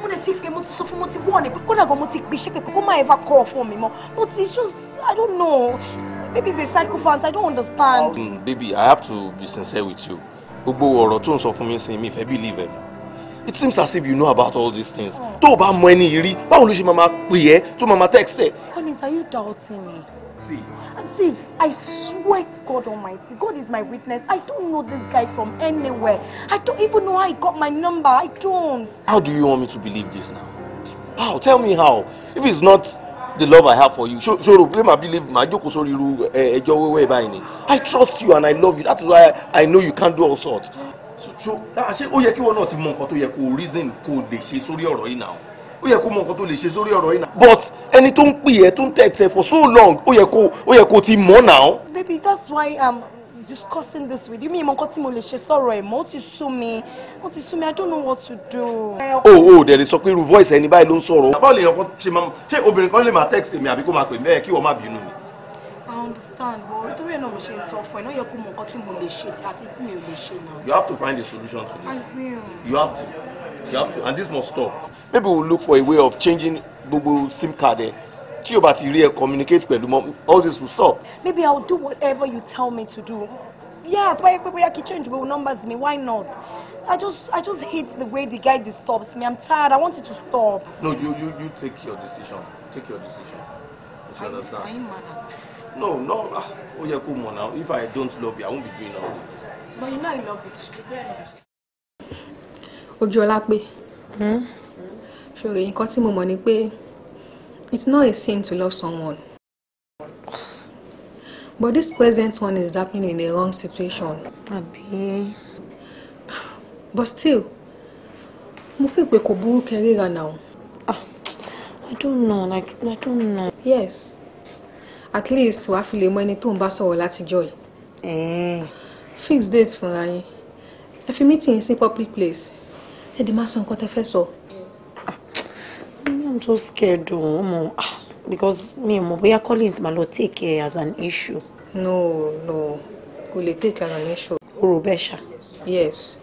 mo dẹ̀ ti pè mo ti sọ fún mo ti wọ̀ ni kódà gan mo ti pè pé kó má ever call fún mi mọ́ mo ti just i don't know baby is a psychophant i don't understand. Um, baby i have to be sincere with you gbogbo ọ̀rọ̀ tó ń sọ fún mi sin mi fẹ́ believe ẹ̀ it seems as if you know about all these things oh. tó o bá mọ ẹni yìí rí báwo ló ṣe máa máa pè ẹ́ tó máa máa text ẹ. Connie, are you doubting me. See. See, I swear to God Almighty, God is my witness. I don't know this guy from anywhere. I don't even know how he got my number. I don't. How do you want me to believe this now? How? Tell me how. If it's not the love I have for you, ṣòro pé màá believe màá jókòó I trust you and I love you. That is why I, know you can't do all sorts. So, ṣé ó yẹ kí wọn You are not. nǹkan tó yẹ kó reason kó lè ṣe sórí ọ̀rọ̀ yìí náà? ó yẹ kó mọ nǹkan tó lè ṣe sórí ọ̀rọ̀ yìí náà. but ẹni tó ń pè ẹ́ tó ń tẹ̀tẹ̀ for so long ó yẹ kó ó yẹ kó ti mọ̀ náà. baby that's why i'm discussing this with you mi mọ nǹkan tí mo lè ṣe sọ̀rọ̀ ẹ̀ mọ́ ó ti sú mi ó ti sú mi i don't know what to do. o oh, o oh, dẹ̀ lè sọ pé irú voice ẹni báyìí ló ń sọ̀rọ̀. àbá olè yọkan ṣe máa ṣé obìnrin kan lè máa text èmi àbí kó máa pè mí ẹ kí wọ́n má bínú ni. i understand but nítorí ẹ̀ náà mo ṣe sọ fún ẹ náà yẹ kó mọ nǹkan tí mo lè ṣe àti tí mi ò lè ṣe náà. you have to find a solution to this. i will. you have to you have to and this must stop. maybe we'll look for a way of changing gbogbo sim card ẹ tí o bá ti rí ẹ communicate pẹ̀lú mọ all this will stop. maybe i will do whatever you tell me to do yeah tó bá yẹ pé bóyá kí change gbogbo numbers mi why not i just i just hate the way the guy disturbs me i'm tired i want it to stop. no you you you take your decision take your decision you understand. are mad at me. no no ah ó yẹ kó mọ̀ now if i don't love you i won't be doing all this. but you know i love you. Ojúọlá pé ṣòro hmm? nǹkan tí mo mọ̀ ni pé it's not a sin to love someone but this present one is happening in a wrong situation. àbí. but still mo fi pé kò burú kẹrìíra now. ah i don't know like i don't know. yes at least wàá fi lè mọ ẹni tó ń bá sọ̀rọ̀ látijọ́ yìí. Eh. fix date fúnra yín ẹ fi meeting sí public place ẹ dì má sọ nǹkan tẹ fẹ́ sọ. i'm so scared o oh, mo ah, because mi mo bóyá Collins ma lọ take care eh, as an issue. no no kò lè take as an issue. o rò bẹ́ẹ̀ ṣá. yes.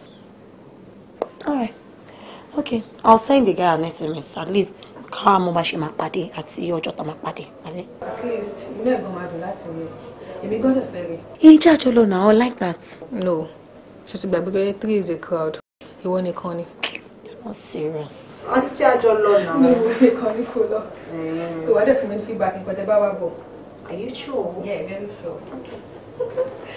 alright okay i'll send the guy an sms at least ká mo bá ṣe máa pàdé àti ọjọ́ tá máa pàdé. at least ilé ẹ̀gbọ́n máa dùn láti rí èmi gbọ́dọ̀ fẹ́ rí. ìjà jọ lọ nà ọ like that. no ṣe ti gbàgbé pé three is a crowd ìwọ nìkan ni not serious. àti tí a jọ lọ náà. mi ò lè kàn so I definitely fún mi feedback nǹkan tẹ́ bá are you sure? yeah very sure. okay. (laughs)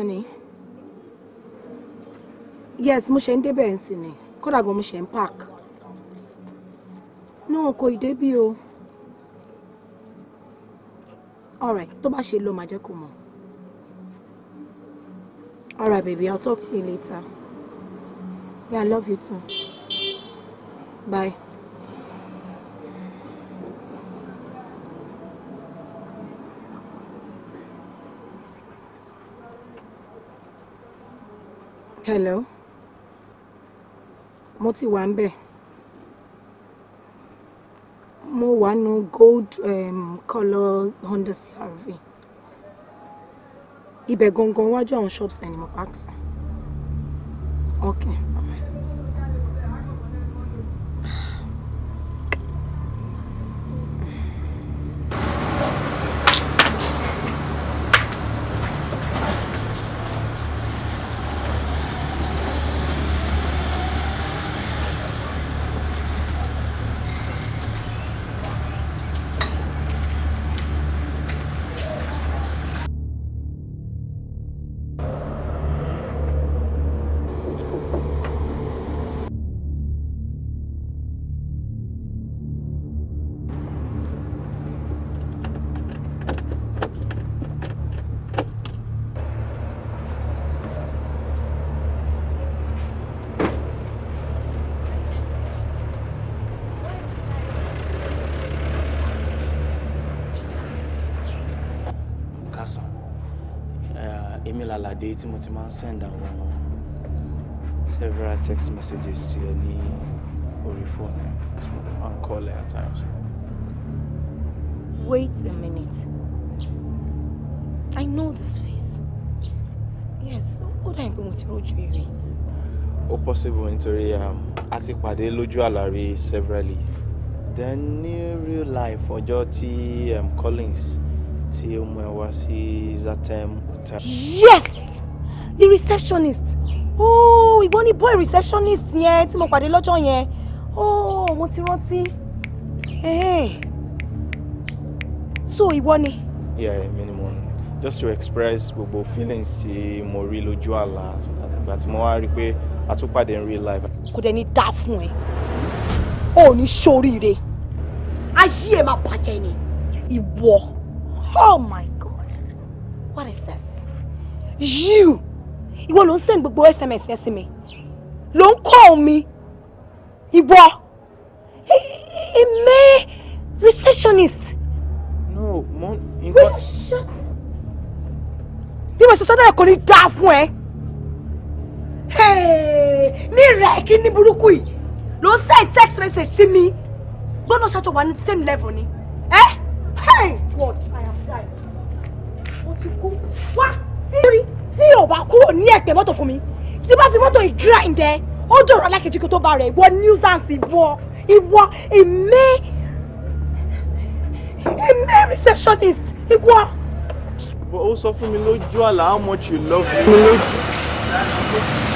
honey. Yes, mo ṣe ń débẹ̀ ń ni. Kódà gan mo ṣe ń park. No, kò ì débí o. Alright, tó bá ṣe lọ màá jẹ́ kó mọ̀. Alright baby, I'll talk to you later. Yeah, I love you too. Bye. hello mo ti wà ń mo wà nù gold um, colour Honda CRV Ibe gangan wájú àwọn shops ni mo park Okay. Alade tí mo ti máa ń send àwọn several text messages sí ẹ ní orí fóònù tí mo máa ń call ẹ at times. Wait a minute. I know this face. Yes, ó dà pé mo ti rójú eré. Ó possible nítorí um, a ti pàdé lójú àlàrí severally. Then ní real life ọjọ́ tí um, Collins tí ó mú ẹ sí Zatem hotel. yes the receptionist oh ìwọ ni boy receptionist yẹn tí mo pàdé lọ́jọ́ yẹn oh mo ti rántí so ìwọ ni. yeah èmi ni mo just to express gbogbo feelings tí mo rí lójú àlá ìgbà tí mo wá rí i pé a tún pàdé real life. kò dẹ̀ ní dá fún ẹ o ò ní ṣoríire ayé ẹ máa bàjẹ́ ni ìwọ. Oh my God. What is this? You! Ìwọ ló ń send gbogbo SMS yẹn sí mi. Ló ń call mi. Ìwọ! Ime receptionist. No, mo nǹkan. Will you shut? Bí mo ṣe sọ́dọ̀ ẹ̀ kò ní dáa fún ẹ. Ní rẹ̀ kí ní burúkú yìí ló ń send text message sí mi. Gbọ́dọ̀ ṣàtọ̀ wà ní same level ni. Ẹ́ eh? hey God ti kú wá tírí tí ò bá kúrò ní ẹ̀pẹ̀ mọ́tò fún mi tí bá fi mọ́tò ìgíra ǹdẹ́ ó dọ̀rọ̀ alákejì kó tó bá rẹ̀ ìwọ nuisance ìwọ ìwọ ìmé ìmé receptionist ìwọ. ó sọ fún mi lójú àlá how much you love me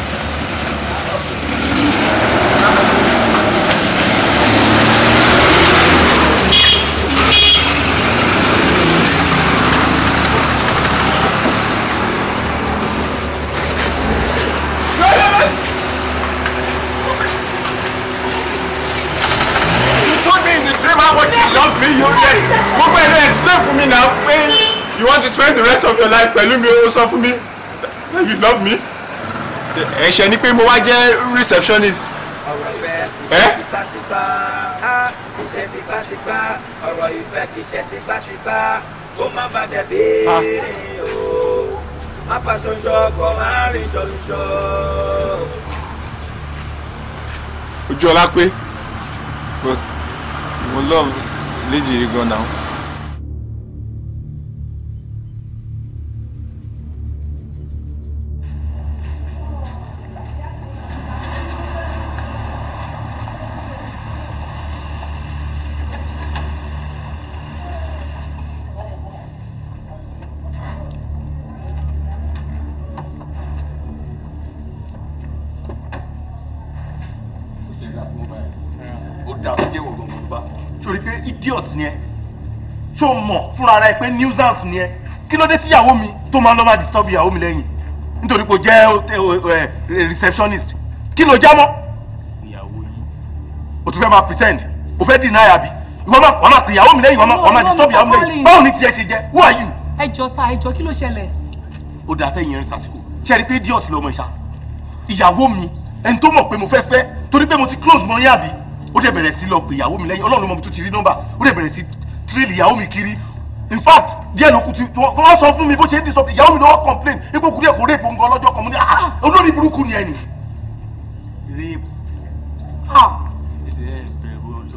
you gbogbo ẹ̀ explain for me now. pé you want to spend the rest of your life pẹ̀lú mi ó sọ fún mi that you love me ẹ̀ṣẹ̀ ni pé mo wá jẹ́ receptionist. ọ̀rọ̀ ìfẹ́ iṣẹ́ tipátipá iṣẹ́ tipátipá ọ̀rọ̀ ìfẹ́ kì í ṣe tipátipá kó má bàa dẹ̀bi rìn o má fa ṣoṣo kó má rìn ṣoṣo. ojú ọlá pé mo love. lhe digo não. ṣó mọ̀ fúnra rẹ pé nuisance ni ẹ kí ló dé tíyàwó mi tó máa ń lọ́ máa disturb ìyàwó mi lẹ́yìn nítorí pé o jẹ́ receptionist kí ló já mọ́ o tún fẹ́ máa pretend o fẹ́ deny àbí ìwọ máa wọ́n máa pè ìyàwó mi lẹ́yìn wọ́n máa disturb ìyàwó mi lẹ́yìn báwo ni tiẹ̀ ṣe jẹ́ who are you. ẹ jọ sa ẹ jọ kí ló ṣẹlẹ̀. ó dà tẹ́yìn ẹ̀rín sásìkò ṣe rí pé idiot lọmọ ìṣá ìyàwó mi ẹni tó mọ̀ pé mo fẹ́ fẹ́ torí pé mo ti close mọ́ yín àbí ó dẹ̀ bẹ̀rẹ̀ sí lọ pè ìyàwó mi lẹ́yìn ọlọ́run mọ̀ mi tó ti rí nọ́mbà ó dẹ̀ bẹ̀rẹ̀ sí tírèlì ìyàwó mi kiri in fact díẹ̀ ló kù ti wọ́n sọ fún mi bó ṣe ń disọ ìyàwó mi lọ́wọ́ complain ipò kúrẹ́ kò rape nǹkan ọlọ́jọ́ kan mo ní ah, olórí burúkú ni ẹni.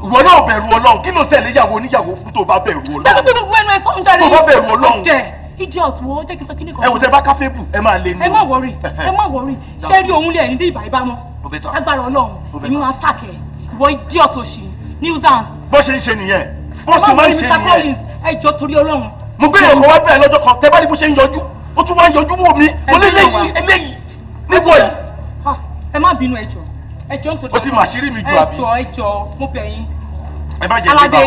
ìwọ náà bẹ̀rù ọlọ́run kí ló tẹ̀lé ìyàwó oníyàwó fún tó bá bẹ̀rù ọlọ́run. tó bá bẹ̀rù ọlọ́run. jẹ wo jẹ́ kí n sọ kíní kan. ẹ wò tẹ bá káfíńbù ẹ máa lé ní. ẹ má wọrí (laughs) ẹ má wọrí ṣé rí òun lé ẹni dé ìbà ìbámu. agbára ọlọ́run èmi máa sàkẹ́ ìwọ ìdí ọ̀tún òṣì nuisance. bó ṣe ń ṣe nìyẹn mo sì máa ń ṣe nìyẹn. ẹ jọ torí Ọlọ́run. mo gbé ìyàwó wa bẹ̀rẹ̀ lọ́jọ́ kan tẹ́ bá ní bó ṣe ń yọjú ó tún wá ń yọjú wò mí mo lé léyìí eléyìí níbo yìí. Ah, ẹ má bínú ẹjọ ẹjọ nítorí. o ti mà ṣírí mi ju àbí. ẹjọ ẹjọ mo bẹ̀ yín. ẹ má jẹ ìdíbà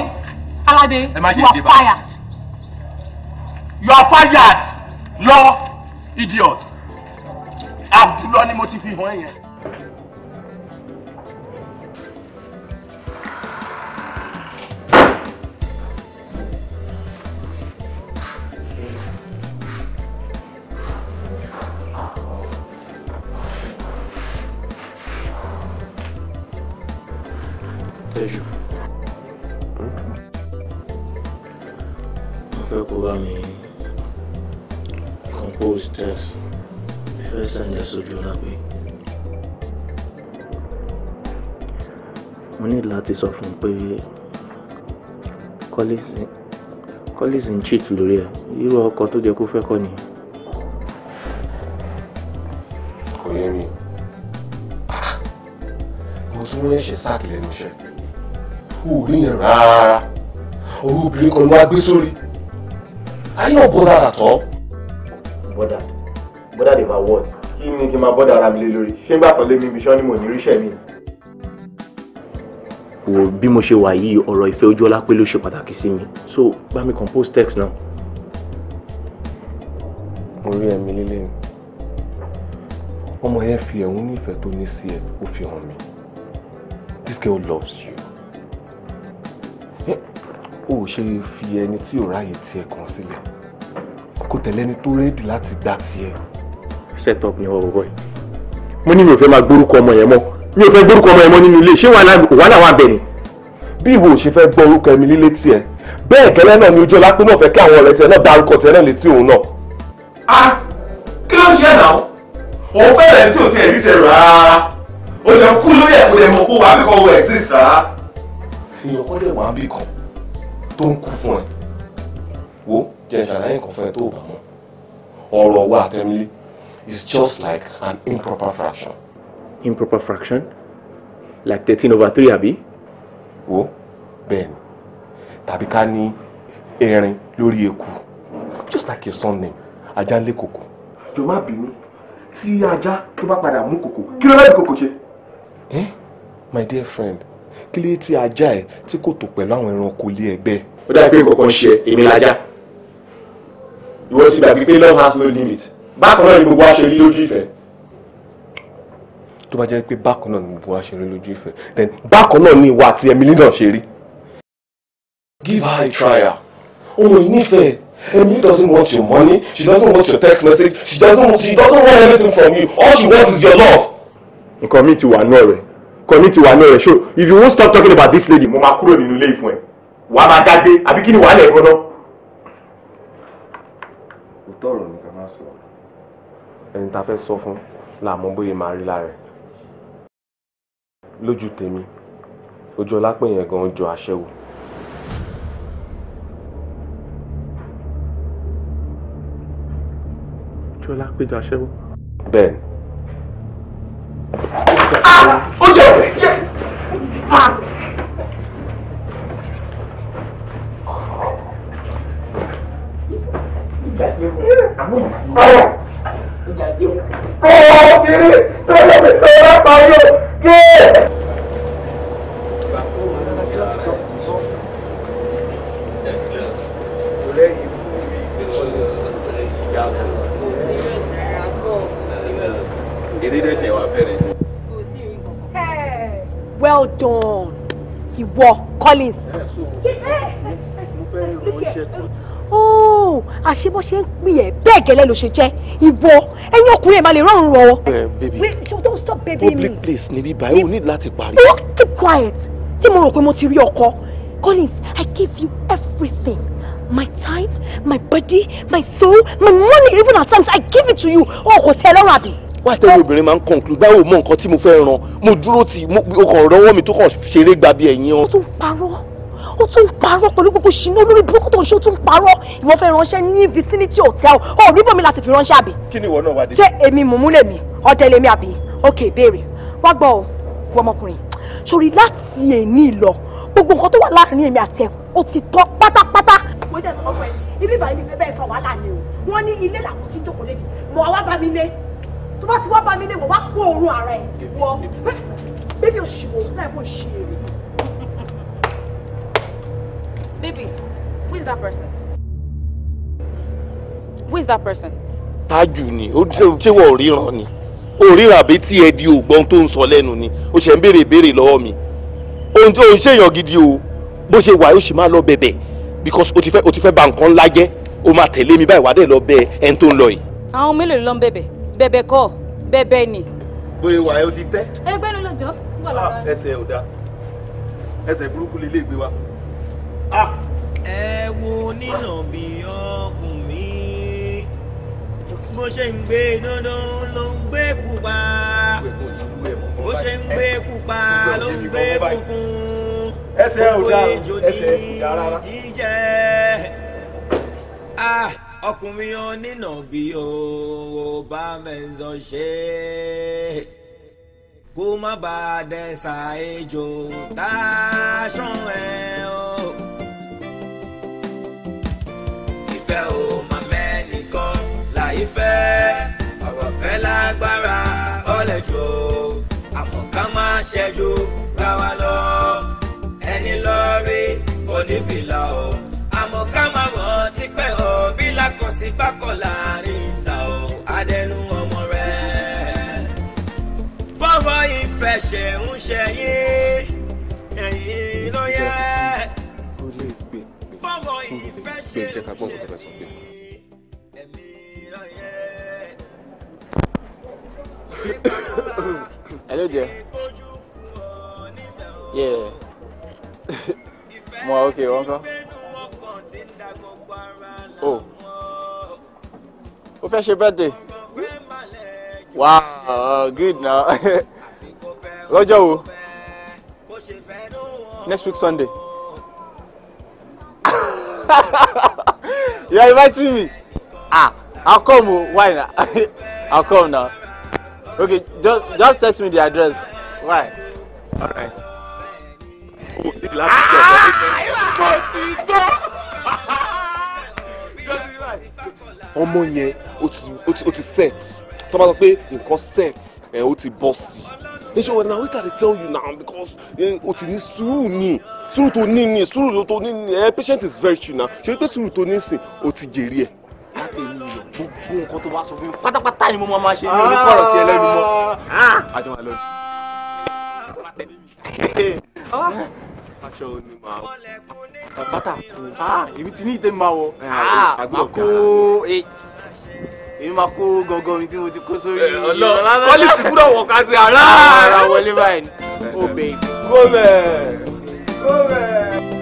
Aládé Aládé you are fired. you are fired lọ idiot. àdúlọ ni mo ti fi hàn yẹn. fẹ́ kó bá mi compose text fẹ́ sẹ́ńdẹ̀ sójú lápẹ́. mo ní láti sọ fún un pé Collins ń cheat lórí ẹ̀ irú ọkọ tó jẹ́ kó fẹ́ kọ́ nìyẹn. kò yé mi mo tún wọ́n ṣe sáàkì lẹ́nu iṣẹ́ o ò níyàn rárá orú obìnrin kan ló wá gbé sórí. Are you not bothered at all? Bothered? Bothered about what? Kí ni kí n bother bọ́dà ara mi lé lórí? Ṣé nígbà tó lé mi ibi iṣẹ́ ni mo ní ríṣẹ́ mi? Wo bí mo ṣe wà yìí ọ̀rọ̀ ìfẹ́ ojú ọlá pé ló ṣe pàtàkì sí mi. So bá mi compose text náà. Mo rí ẹ̀mí lílé mi. Ọmọ yẹn fi ẹ̀hún nífẹ̀ẹ́ tó ní sí ẹ, ó fi hàn mí. This girl loves you o ò ṣe fi ẹni tí ò ráyè tiẹ̀ kàn sílẹ̀ kò tẹ̀lé ẹni tó rédì láti gbá tiẹ̀. set up ni ọ̀rọ̀ ẹ̀ mo ní mi ò fẹ́ máa gbórúkọ ọmọ yẹn mọ́ mi ò fẹ́ gbórúkọ ọmọ yẹn mọ́ nínú ilé ṣé wàhálà wà bẹ̀ ni. bí ìwọ ò ṣe fẹ́ gbọ́ orúkọ ẹ̀mí lílé tiẹ̀ bẹ́ẹ̀ gẹ́lẹ́ náà ni ojú ọlá pé náà fẹ́ kí àwọn ọ̀rẹ́ tiẹ̀ náà dárúkọ tiẹ̀ náà létí òun náà. a kí ló ń ṣe náà òun bẹ̀rẹ̀ tí ò tiẹ̀ ní ṣe rárá o jẹ kú lórí ẹ̀kú lẹ́mọ̀ kó wàá bí kan wọ ẹ̀ sí ìsá. èèyàn kọ́ dẹ̀ wàá bí kan tó ń kú fún ẹ wo jẹ́ ṣàlàyé nǹkan fún ẹ tó bá mọ̀ ọ̀rọ̀ wa àtẹ̀mílẹ̀ is just like an improper fraction. improper fraction like thirteen over three àbí. wo bẹ́ẹ̀ ni tàbí ká ní erin lórí eku just like your son name ajá ń lé kòkò. jọ má bínú tí ajá tó bá padà mú kòkò kí ló bá bí kòkò ṣe. eh my dear friend kí lè ti ajá ẹ tí kò tó pẹ̀lú àwọn ẹranko ilé ẹgbẹ́. ó dàbí pé nǹkan kan ṣe èmi lajá ìwọ sì gbàgbé pé love has no limit bákan náà ni gbogbo aṣọ rí lójú ìfẹ́. tó bá jẹ́ pé bákan náà ni gbogbo aṣọ rí lójú ìfẹ́ then bákan náà ni ìwà àti Emily náà ṣe rí. give her a trial ohun ìnífẹ̀ẹ́ Emily doesn't want your money she doesn't want your text message she doesn't she doesn't want anything from you all she wants is your love. nǹkan mi ti wà ní ọ̀rẹ́ kọ́ni ti wà ní ọ̀rẹ́ so if you won't stop talking about this lady mo máa kúrò nínú ilé ìfún ẹ wàá máa dá dé àbí kí ni wàá lẹ̀ gbọ́dọ̀. òótọ́ ọ̀rọ̀ ni ká má sọ ẹni tá a fẹ́ sọ fún la mọ̀ bóyá máa rí lára ẹ̀ lójú tèmi ojú ọlápẹ̀ yẹn gan-an jọ aṣẹ́wó. ojú ọlápẹ̀ jọ aṣẹ́wó. bẹ́ẹ̀ni ó ah, jẹ gẹ́lẹ́ ló ṣe jẹ́ ìwọ ẹ̀yin ọkùnrin ẹ̀ máa lè rọrùn rọ. baby don't stop baby me. public place ni bíbá ẹ ò láti parí. you keep quiet tí mo rò pé mo ti rí ọkọ Collins I give you everything my time my body my soul my money even at times I give it to you ọkọ tẹ lọ́rọ̀ àbí wá tẹ́lẹ̀ obìnrin máa ń conclude báwo mọ nǹkan tí mo fẹ́ ràn mo dúró tí o kàn rọwọ́ mi tó kàn ṣeré gba bí ẹ̀yìn ọ. o tún parọ́ ó tún ń parọ́ pẹ̀lú gbogbo ṣìnà olórí burúkú tó ń ṣe ó tún parọ́ ìwọ fẹ́ ránṣẹ́ ní vicinity hotel ọ ò níbòmí láti fi ránṣẹ́ àbí. kí ni ìwọ náà wá dé. ṣé èmi mùmú lèmi ọdẹ lèmi àbí ok béèrè wá gbọ́ ọ wọ ọmọkùnrin sórí láti èní lọ gbogbo nǹkan tó wà láàrin èmi àti ẹ ó ti tán pátápátá. mo jẹ́ sọ fún ẹ ibi ìbàyẹn mi fẹ́ bẹ́ẹ̀ fa wàhálà ni o wọ́n ní ilé làwọn ti ń jókòó lédi mọ̀ wá bá mi lé tó bá ti wá bá mi lé mọ̀ wá kó oorun ara ẹ̀ wọ bébí òṣìwò náà kò ṣe èrè. Baby, who is that person? Who is that person? Taju ni, ó ṣe wọ̀ ríran ni. Ó ríra bí tí ẹ di ògbọ́n tó ń sọ lẹ́nu ni. Ó ṣe ń béèrè béèrè lọ́wọ́ mi. Ohun tó ń ṣèyàn gidi o. Bó ṣe wà yóò ṣì máa lọ bẹ̀bẹ̀. Because o ti fẹ́ o ti fẹ́ bà nǹkan ńlá jẹ́. O máa tẹ̀lé mi báyìí wà á dẹ̀ lọ bẹ ẹni tó ń lọ yìí. Àwọn mélòó ló ń bẹ̀bẹ̀? ni. Bóyá wà ẹ o ti tẹ́. Ẹgbẹ́ ló lọ jọ. Ah, ẹsẹ̀ ò dáa. Ẹsẹ̀ burúkú lè lè wa. Ah. ẹ wo nínà bí ọkùn mi bó ṣe ń gbé dandan ló ń gbé pupa bó ṣe ń gbé pupa ló ń gbé funfun gbogbo ejò ní jíjẹ ah, ọkùnrin onínà bí o bá mẹ́sàn ṣe kó má bàa dẹ́sà ejò tá a o. fẹ́ o máa mẹ́nìkan láì fẹ́ ọ̀rọ̀ fẹ́ lágbára ọ̀lẹ́jọ́ àmọ́ ká má ṣẹ́jú gbá wa lọ ẹni lọ́ọ́rí kò o àmọ́ ká má rántí pé o bí lákọ̀sí bá kọ̀ láàrin ìta o adẹnu ọmọ rẹ̀ bọ́rọ̀ ìfẹ́ ṣe ń ṣe pé jẹ́ ká gbọ́ nǹkan tó fẹ́ sọ pé. hello jẹ yeah mo wa ok wọn kan oh o fẹ́ ṣe birthday wow uh, good na lọ́jọ́ wo next week sunday. (laughs) you are inviting me ah i'll come o oh, why na (laughs) i'll come now okay just just text me the address why. all right. ọmọ yẹn ó ti set tó bá sọ pé nǹkan set ó ti bọ́ sí i. ẹ ṣe wọn na wetin i dey tell you now because eh, ó ti ní sùúrù ni sùúrù tó ní ní sùúrù tó ní ní ẹ patient is virtue na ṣe pé sùúrù tó ní sìn o ti jèrè ẹ. láti èmi yọ gbogbo nǹkan tó bá sọ fún mi pátápátá ni mo máa ma ṣe ní onípọ̀rọ̀ ah. sí ẹlẹ́nu mọ́. àjọ ah. ah. àlọ́ aṣọ ni màá bàtà èmi ti ní ìtẹ́ máa wọ máa kó eh, èmi máa kó gangan mi tí mo ti kó sórí ọlọ́ọ̀ pọ́lísì gbúdọ̀ wọ̀ ká ti ara ara wọlé báyìí ó bẹ̀ ìgbó bẹ́ẹ̀. Hooray!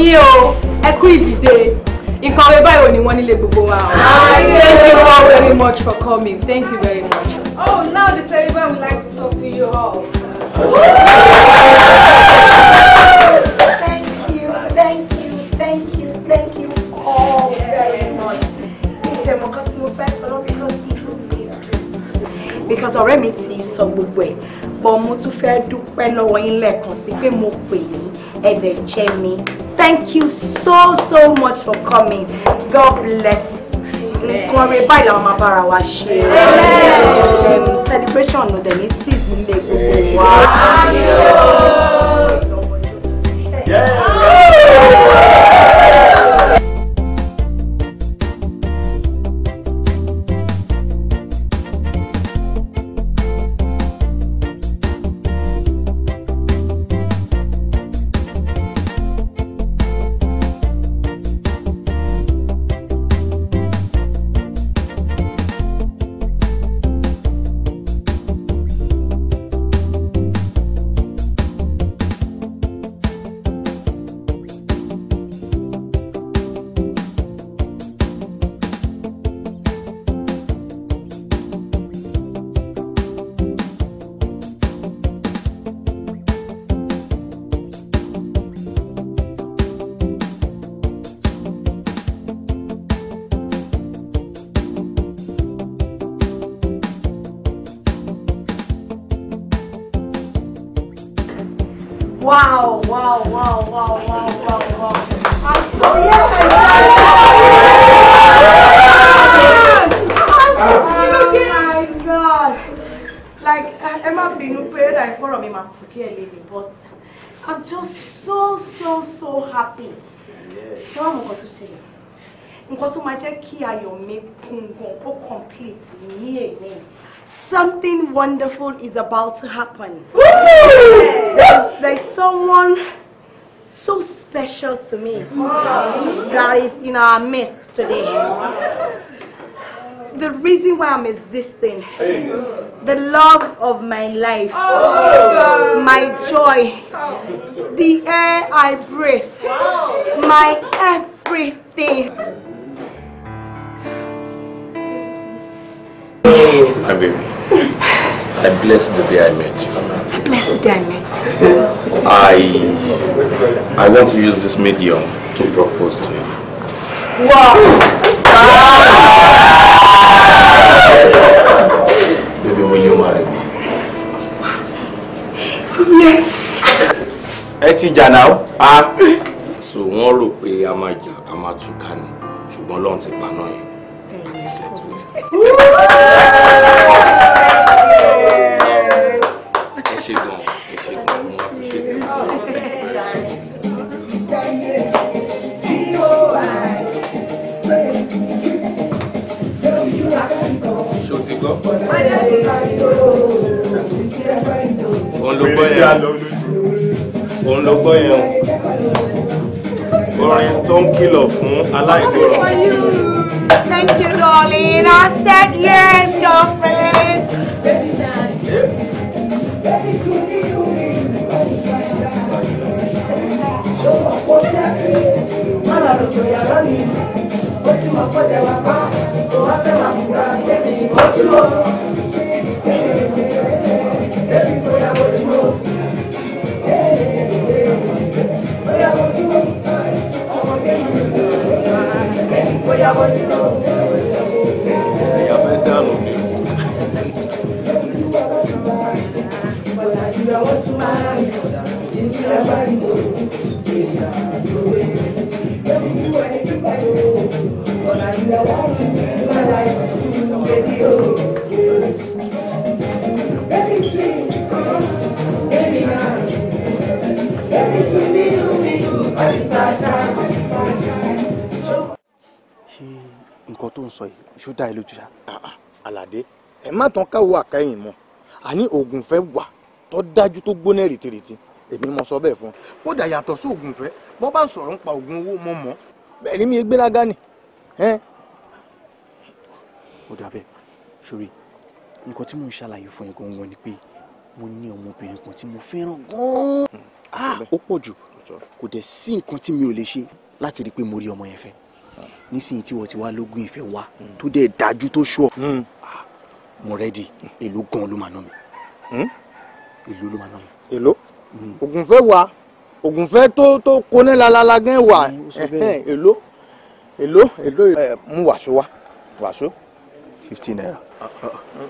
yín o ẹ kú ìdìde nǹkan ọ̀rẹ́ báyìí ò ní wọ́n nílé gbogbo wa o thank you all very much for coming thank you very much. oh now the ceremony we like to talk to you all. thank you thank you thank you thank you all very much. ìṣẹ̀mọ̀ kan tí mo because ìlú mi dùn. because ọ̀rẹ́ mi ti sọ gbogbo ẹ̀ bọ́ mo tún fẹ́ dúpẹ́ lọ́wọ́ yín lẹ́ẹ̀kan sí pé mo pè yín ẹ̀dẹ̀ jẹ́ mi thank you so so much for coming god bless you nǹkan rẹ báyìí làwọn máa bára wa ṣe um, celebration ọ̀nà dẹ̀ ní Yeah. wonderful is about to happen. There's, there's someone so special to me that is in our midst today. The reason why I'm existing, the love of my life, my joy, the air I breathe, my everything. Hi, baby. I bless the day I met you. I bless the day I met you. I, I want to use this medium to propose to you. Wow! Baby, will you marry me? Yes. Ẹ ti Ah. So wọ́n rò pé a máa jà, a máa túká ni, ṣùgbọ́n ti paná yẹn àti ṣẹ́tù yẹn. gbọ́. òun ló gbọ́ yẹn òun ló gbọ́ yẹn orin tó ń kìlọ̀ fún aláìgbọràn. Thank you, darling. I said yes, girlfriend. Mala lo que ya lo ó ti mọ̀ pé ọ̀dẹ̀ wà pa kò wá fẹ́ máa múra sẹ́mi ojú o. Ebi tó yà wọ́n ti mọ̀. Bóyá wọ́n ti mọ̀. Ọmọdé mi ò lè lò. Bóyá wọ́n ti mọ̀. Ìyá fẹ́ dànù ni. Bọ̀dà jùlọ wọ́n tún máa ń nǹkan tó ń sọ yìí ṣó dá ẹ lójú ṣá. Ah, ah, aládé ẹ má tán káwọ àkẹyìn mọ àní oògùn fẹ́ wà tó dájú tó gbóná rìtìrìtì èmi mọ sọ bẹ́ẹ̀ fún un kódà yàtọ̀ sí oògùn ìfẹ́ bọ́ bá ń sọ̀rọ̀ ń pa oògùn owó mọ́ mọ́ bẹ́ẹ̀ ni mi gbéraga nì ó dàbẹ̀ sórí nǹkan tí mò ń ṣàlàyé fún ẹ gangan ni pé mo ní ọmọbìnrin kan tí mo fẹ́ràn gan-an ah, ó pọ̀ jù kò dẹ̀ sí nǹkan tí mi ò lè ṣe láti rí i pé mo rí ọmọ yẹn fẹ́ ah. nísìnyí tí wọ́n ti wá lógún ìfẹ́ wa hmm. tó dẹ̀ dájú tó ṣọ́ hmm. ah, mo rẹ́dì èló gan-an ló máa ná mi hmm? èló ló máa ná mi. èló ògùn fẹ́ wà ògùn fẹ́ tó tó koná lalala gán wà èló èló èló mú wàṣọ wa wàṣọ. fifteen naira. Ah, ah, ah.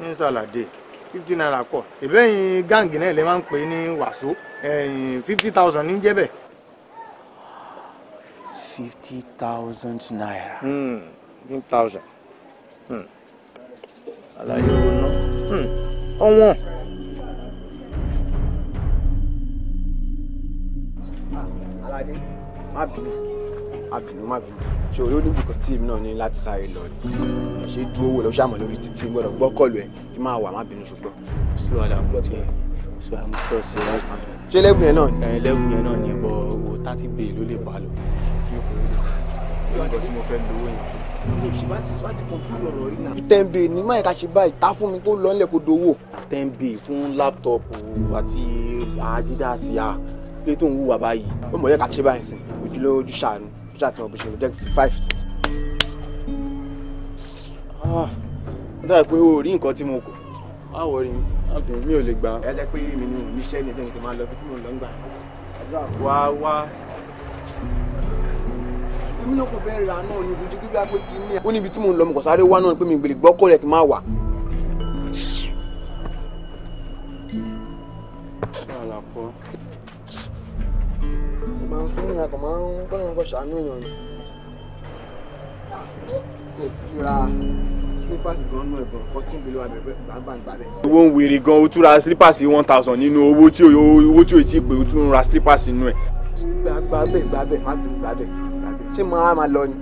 ní sàlàdé fifty naira kọ ìbẹ́yìn gáǹgì náà lè máa ń pè ní wàṣọ fifty thousand ní jẹ́bẹ̀. fifty thousand naira. Hmm, fifty thousand. Hmm. àlàyé owó náà hmm, ọ̀wọ́n. má bínú má bínú má bínú ṣòro oníbùkún tí èmi náà ní láti sáré lọ ni ẹ ṣe dúró wò lọ ṣàmọ lórí títí gbọ́dọ̀ gbọ́ kọlù ẹ kí máa wà má bínú ṣùgbọ́n. sí wàhálà ọgbọ tí sí wàhálà mo fẹ́ ṣe láti má bínú. ṣé lẹ́bùn yẹn náà ni. ẹ lẹ́bùn yẹn náà ni ẹ bọ owó tátí bèè ló lè bá lọ. ìwádìí tí mo fẹ́ lówó yẹn fún òṣìbá ti sọ àti kojú ọ̀rọ̀ yìí náà. tẹ́ǹbì ní máyì ká ṣe báyìí tá fún mi kó lọ́ọ́lẹ̀ kó dowó. tẹ́ǹbì fún láptọ̀pù àti àjídàsíà lé tó ń wúwa báyìí ó mọ̀ yẹ ká ṣe báyìí sìn ojúlówó ojú ṣàánú ojú ṣàtìmọ̀ bó ṣe lè jẹ́ five. Ah, ó dàbí pé o rí nǹkan tí mo kù àwọ̀ rí mi ò lè gbà. ẹ jẹ́ pé mi ni oníṣẹ́ ni ẹ̀dẹ́gbẹ̀tẹ̀ máa lọ bí mo lọ ń gbà. wá wá. èmi náà kò fẹ́ ra náà ní ibi tí mo ń lọ mo kàn sáré wá náà pé mi gbèlè gbọ́kọ̀ rẹ̀ kì máa wà. ní àkọ́ kọ́nà nǹkan ṣàánú èèyàn ni kò túra slippers gan nù ẹ̀bùn fourteen billion abẹ́bẹ́ bẹ́ẹ̀. owó ń wèrè gan o túra slippers one thousand nínú owó tí owó tí o ti pè o tún ra slippers nù ẹ̀. gbàgbẹ́ gbàgbẹ́ má bínú gbàgbẹ́ gbàgbẹ́ ṣé máa máa lọ ni.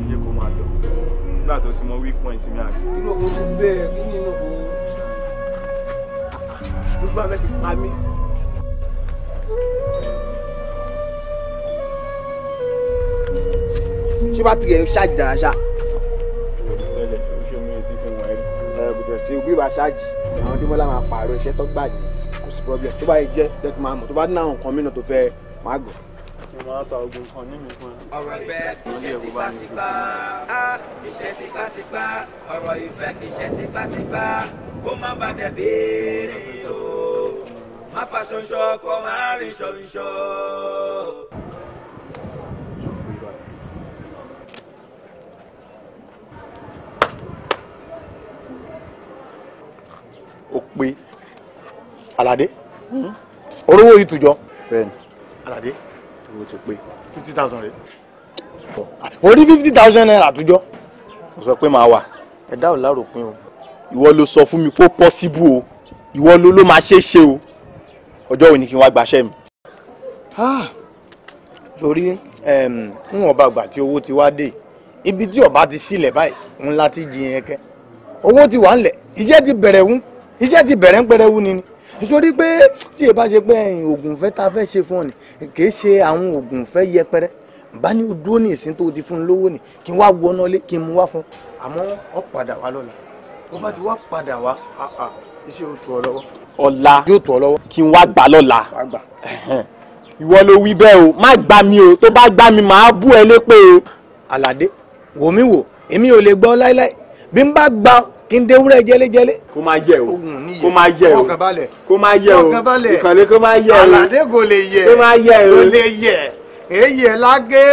iye kò máa lọ nígbà tó ti mọ weak point mi àti. irú owó tó bẹ́ẹ̀ kí nínú owó gbogbo abẹ́ fi pa mí. ṣé bá tirẹ̀ ṣáàjì dára ṣá. ẹ kò tẹ̀ sí gbé bá ṣáàjì àwọn dẹ́mọ́lá máa pààrọ̀ iṣẹ́ tó gbà ní kò sí problem tó bá yẹ jẹ́ lẹ́kì máa mọ̀ tó bá ní nǹkan mìíràn tó fẹ́ máa gbọ̀. ọ̀rọ̀ ìfẹ́ kìí ṣe tipátipá kìí ṣe tipátipá ọ̀rọ̀ ìfẹ́ kìí ṣe tipátipá kó má bà dẹ̀ béèrè o má fa ṣoṣo kó má rí ṣoṣo. ó pé alade orówó yìí tùjọ alade owó ti pé fifty thousand rẹ orí fifty thousand naira àtújọ mo sọ pé màá wà ẹ̀dá ò láròpin o ìwọ ló sọ fún mi pé ó pọ́síbù o ìwọ ló ló máa ṣe é ṣe o ọjọ́ òní kí n wá gbaṣẹ́ mi. torí ah! níwọ̀n bá gbà tí owó ti wá dé ibi tí ọba ti sílẹ̀ báyìí ńlá ti jiyàn kẹ́ owó ti wà ńlẹ̀ iṣẹ́ ti bẹ̀rẹ̀ ń iṣẹ́ ti bẹ̀rẹ̀ ń pẹrẹwu ni ni nítorí pé tí èèbá ṣe pé ẹ̀yìn oògùn ìfẹ́ tá a fẹ́ ṣe fún ọ ni kì í ṣe àwọn oògùn ìfẹ́ yẹpẹrẹ bá ní dúró ní ìsìn tó ti fún un lówó ni kí n wá wọná lé kí n mú wá fún un àmọ́ ọ padà wá lọ́la ó bá ti wá padà wá iṣẹ́ yóò tó ọ lọ́wọ́. ọ̀la yóò tó ọ lọ́wọ́. kí n wá gbà lọ́la ìwọ ló wí bẹ́ẹ̀ o má gbà mí o tó bá gbà mí màá bú ẹ lépè o. àlàdé wò mí wò èmi ò lè gbọ́ láéláé bí n bá gbà kí n dewúrẹ́ jẹ́lẹ́jẹ́lẹ́. kó máa yẹ o kó máa yẹ o kó máa yẹ o ìkànnì kó máa yẹ o àlàdé kò lè yẹ kó máa yẹ o kò lè yẹ èyẹ lágé.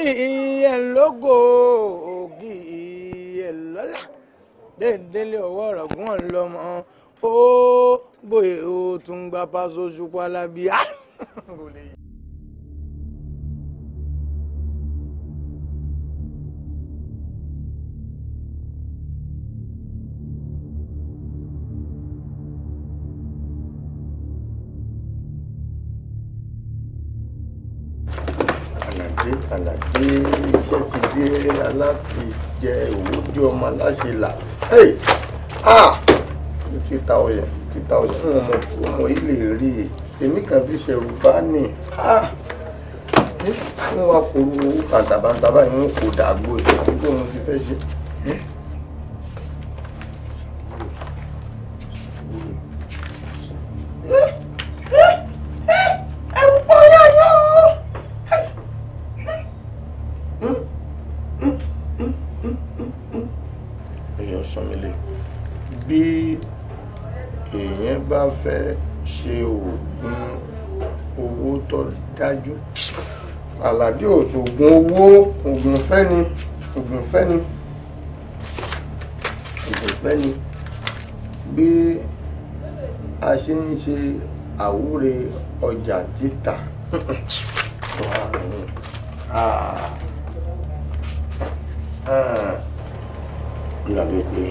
ìyẹn lógo ògì ìyẹn lọ́la déńdélé ọwọ́ ọ̀rọ̀ gún ọ̀n lọ́mọ ó bóyá ó tún gba pásó ṣùpá lábíyá. eléré aláfi jẹ òwò dí ọmọ aláṣẹ là hey ah títa ọyẹ títa ọyẹ fún ọmọ ọmọ yìí lè rí e èmi kan fi ṣẹ̀rù bá nì ah wọ́n wá kó owó kàtàbàtàbà yìí wọ́n kò dàgbò yìí àbí kí wọ́n ti fẹ́ ṣe. bá fẹ́ ṣe oògùn owó tó dájú Àlàbí òtún oògùn owó oògùn fẹ́ni oògùn fẹ́ni oògùn fẹ́ni bí a ṣe ń ṣe àwúre ọjà títà nígbà tó pé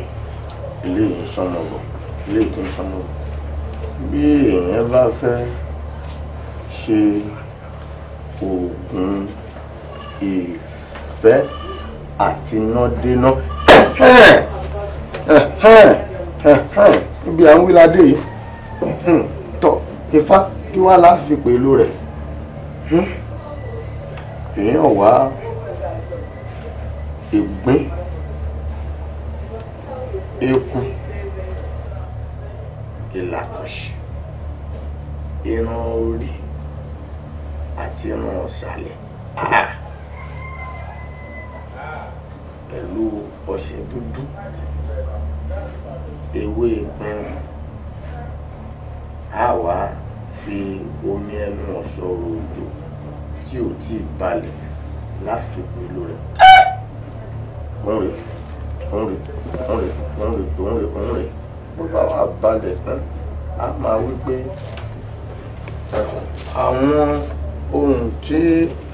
eléyìí ń sọnù bọ̀ eléyìí tó ń sọnù bọ̀ bí èèyàn bá fẹ́ ṣe oògùn ìfẹ́ àtinúdéná níbi à ń wíládé yìí hmm, tọ ifá kí wá la fi pẹ̀lú rẹ̀ hmm, èèyàn wá ègbín eku ìlàkànṣe irun orí àti irun ọ̀sàlẹ̀ pẹ̀lú ọṣẹ dúdú ewé ìpín a wá fi omi ẹnu ọ̀ṣọ́rọ̀ òjò tí ò tí ì balẹ̀ láfikún ìlú rẹ̀ òun rè òun rè òun rè òun rè òun rè òun rè bó bá wà balẹ̀ tán a máa wí pé àwọn ohun tí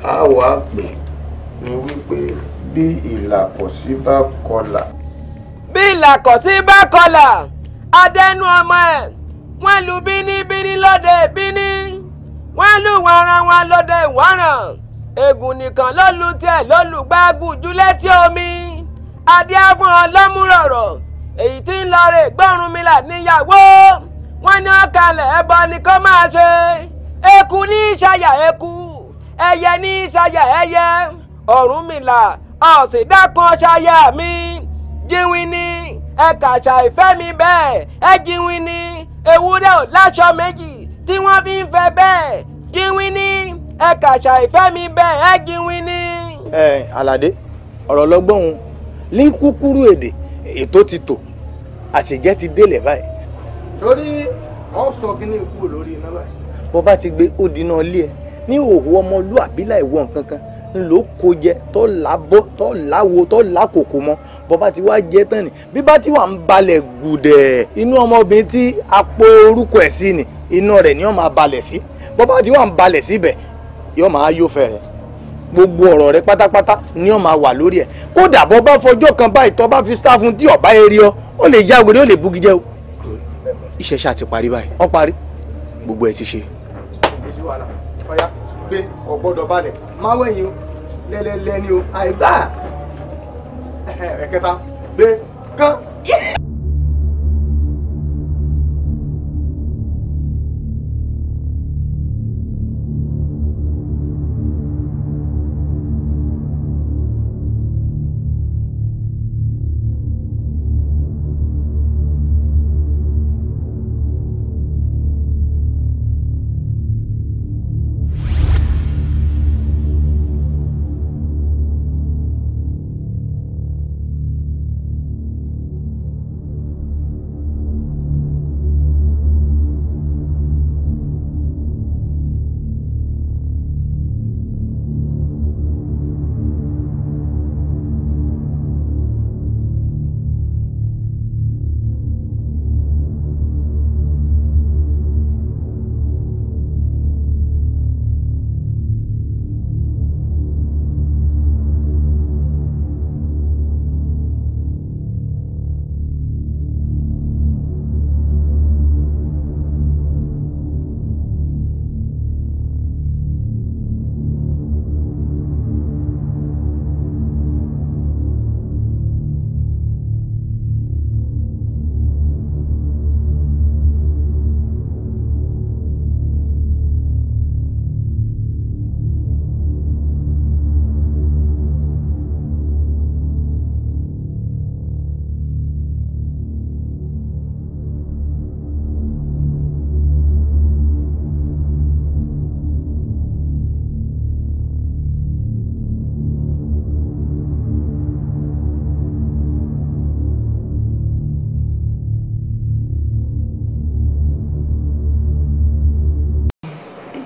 a wà pè ni wípé bí ìlàkọ̀sí bá kọlà. bí ìlàkọ̀sí bá kọlà adẹnu ọmọ ẹ wọ́n lu bínibíní lóde bíní wọ́n lu wàrà wọn lóde wàràn ègùn nìkan ló lu tiẹ̀ ló lu gbàgbùjú létí omi adé á fún ọ èyí tí ń lọ rè gbọ́rùn mi là níyàwó wọ́n ní ọ̀kalẹ̀ ẹbọ ni kó máa ṣe eku ní ìṣayà eku ẹyẹ ní ìṣayà ẹyẹ ọ̀run mi là ọ̀sìn dákan ṣayà mi jíwìn ní ẹ̀ka àṣà ìfẹ́ mi bẹ́ẹ̀ ẹ jíwìn ní ewúrẹ́ ò láṣọ méjì tí wọ́n fi ń fẹ́ bẹ́ẹ̀ jíwìn ní ẹ̀ka àṣà ìfẹ́ mi bẹ́ẹ̀ ẹ jíwìn ní. ẹ alade ọ̀rọ̀ lọ́gbọ́n ní kúkúrú èdè ètò ti tò àṣejẹ ti délẹ̀ báyìí. sórí ọ sọ kíní kúrò lórí iná báyìí. bó ti gbé ó di náà lé ẹ ní òhò ọmọlúàbí láì wọ nǹkan kan ńlò kó jẹ tó làbọ tó làwo tó làkòkò mọ bó bá ti wá jẹ tán ni bí bá ti wà ń balẹ̀ gùdẹ̀ inú ọmọbìnrin tí apò orúkọ ẹ̀ sí ni iná rẹ̀ ni ó máa balẹ̀ sí bó ti wà ń balẹ̀ síbẹ̀ yóò máa yó fẹ́ gbogbo ọ̀rọ̀ rẹ pátápátá ni ó máa wà lórí ẹ̀ kódà bọ́ bá fọjọ́ kan báyìí tọ́ bá fi sá fún tí ọ̀bá eré ọ ó lè ya wèrè ó lè bugi jẹ́ o. iṣẹ́ ṣáà ti parí báyìí ó parí gbogbo ẹ̀ ti ṣe. èsì wàhálà ọ̀yá gbé ọ̀gbọ́dọ̀ balẹ̀ máa o lẹ́lẹ́lẹ́ ni o àìgbà ẹ̀kẹta gbé kán.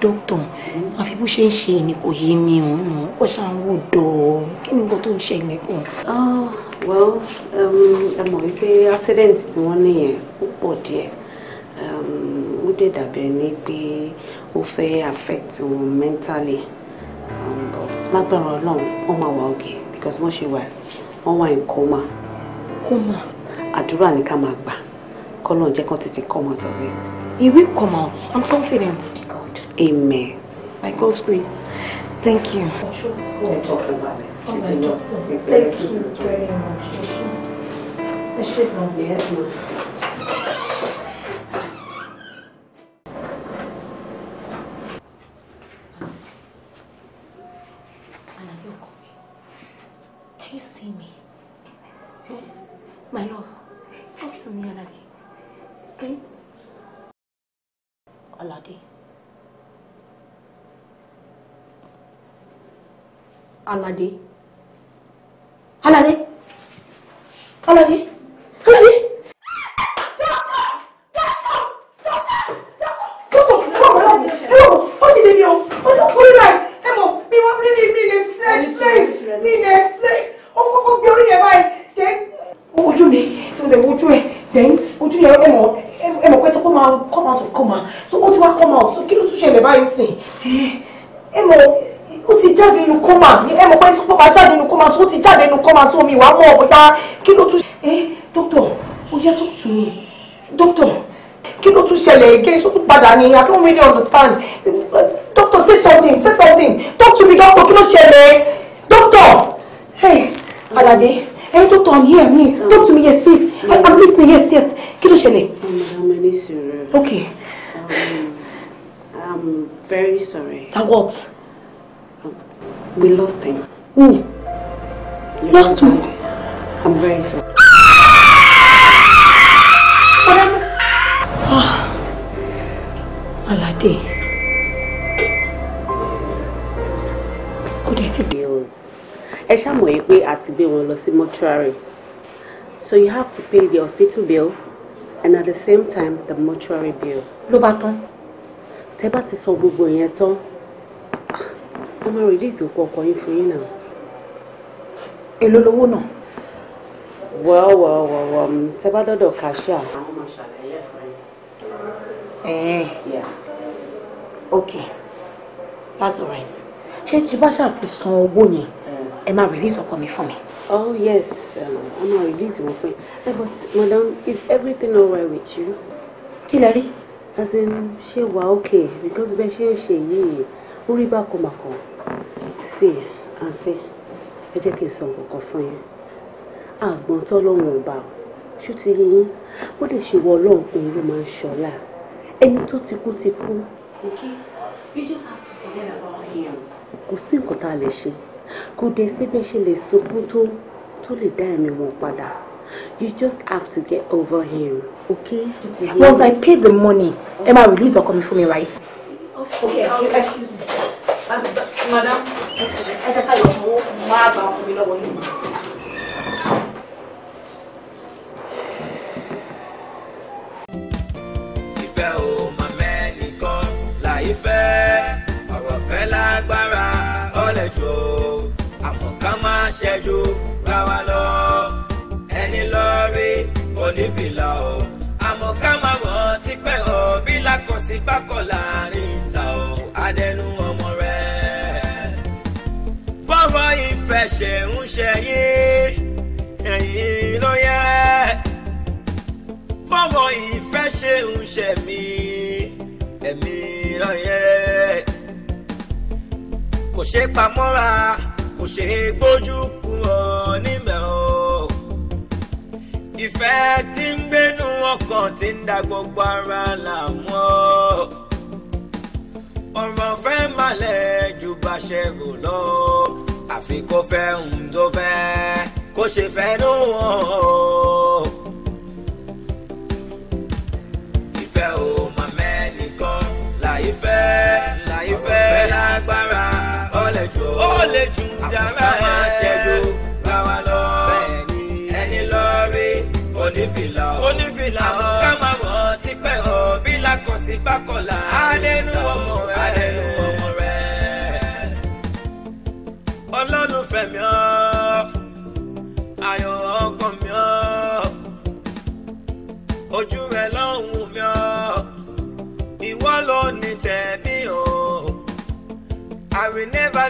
dókítà àfi bó ṣe ń ṣe ni kò yé mi òun nù ó ṣáà ń wò dọ̀ kí ni nǹkan tó ń ṣẹlẹ̀ gan. Ah, well um, ẹ mọ̀ wípé accident tí wọ́n ní yẹn ó pọ̀ díẹ̀ um, ó dẹ̀ dàbẹ̀ ni pé ó fẹ́ affect wọn mentally um, but lágbára ọlọ́run wọ́n máa wà òkè because wọ́n ṣe wà wọ́n wà in coma. coma. àdúrà ni ká máa gbà kọ́lọ́n jẹ́ kán tètè come out of it. he will come out i'm confident. Amen. By God's grace. Thank you. Oh thank you very much. Allah di ìwà mọ̀ bóyá kí ló tún. ẹ dókítà ó yẹ talk to me. Doctor, kí ló tún ṣẹlẹ̀ again So tún padà ni i don't really understand doctor say something say something talk to me doctor kí ló ṣẹlẹ̀ doctor hey alade hey doctor i'm here i'm ah. talk to me yes yes I, ah. i'm listening yes yes kí ló ah, Sorry. okay. Um, I'm very sorry. That what? Um, we lost him. Who? You lost me. I'm very sorry. What am I? Alade. Kò dé ti dé. Ẹ ṣàmọ̀ yìí pé a ti gbé wọn mortuary. So you have to pay the hospital bill and at the same time the mortuary bill. No bá tán. Tẹ́ bá ti sọ gbogbo yẹn tán, wọ́n ah, máa release òkú ọkọ yín fún yín náà èló lowó náà. well well well well um, tẹ bá dọdọ kàṣíà. àwọn máa ṣàlàyé ok that's all right ṣé jibasa ti san owó yẹn ẹ máa release ọkọ mi fún mi. oh yes um, ọmọ release wọn fún ẹ but madam is everything alright with you. kí lẹ rí. as in ṣé wà okay because bẹ́ẹ̀ ṣe ń ṣe yìí orí bá kọ́ màkọ́ sí àǹtí ẹ jẹ́ kí n sọ nǹkan fún yín àgbọn tọ́lọ́run ọba ṣú ti yín bó dẹ̀ ṣe wọ ọlọ́run òun ló máa ń ṣọlá ẹni tó ti kú ti kú. Okay, you just have to forget about him. kò sí nǹkan tá a lè ṣe kò dẹ̀ síbẹ̀ ṣe lè sunkún tó tó lè dá ẹ̀mí wọn padà you just have to get over him okay. once I pay the money Emma, release ọkọ mi fún mi right. Okay, excuse me madam ẹ jẹ́ máa gbà fún mi lọ́wọ́ yìí. o màmá ẹnìkan láì fẹ́ ọ̀rọ̀ fẹ́ lágbára ọ̀lẹ́jọ́ àmọ́ ká má ṣẹ́jú ra wa lọ ẹni lọ́ọ́rí kò ní fìlà o àmọ́ ká má rántí pẹ́ ọ bí lákọ̀ọ́sí bá láàrin. ẹ̀ṣẹ̀ ń ṣẹ̀yẹ ẹ̀yìn ló yẹ bọ́wọ́ ìfẹ́ ṣe ń ṣẹ̀mí ẹ̀mí ló yẹ kò ṣe pamọ́ra kò ṣe gbójú kúrò níbẹ̀ o ìfẹ́ tí ń gbénu ọkàn tí ń da gbogbo ara làmú ọ́ ọ̀rọ̀ fẹ́ malẹ̀ jù bá ṣe rò lọ àfi kó fẹ́ ohun tó fẹ́ kó ṣe fẹ́ nù ọ́. ìfẹ́ o mà mẹ́nìkan láì fẹ́ láì fẹ́ lágbára ó lè jù ó lè jù dára ẹ̀ àkókò máa ṣẹ́jú bá wa lọ ẹni lọ rí onífìlà onífìlà àwọn ká máa wọ́n ti pẹ́ ọ bí lákọ̀ọ́sí bá kọ̀ọ̀la àlẹ́ nù ọmọ.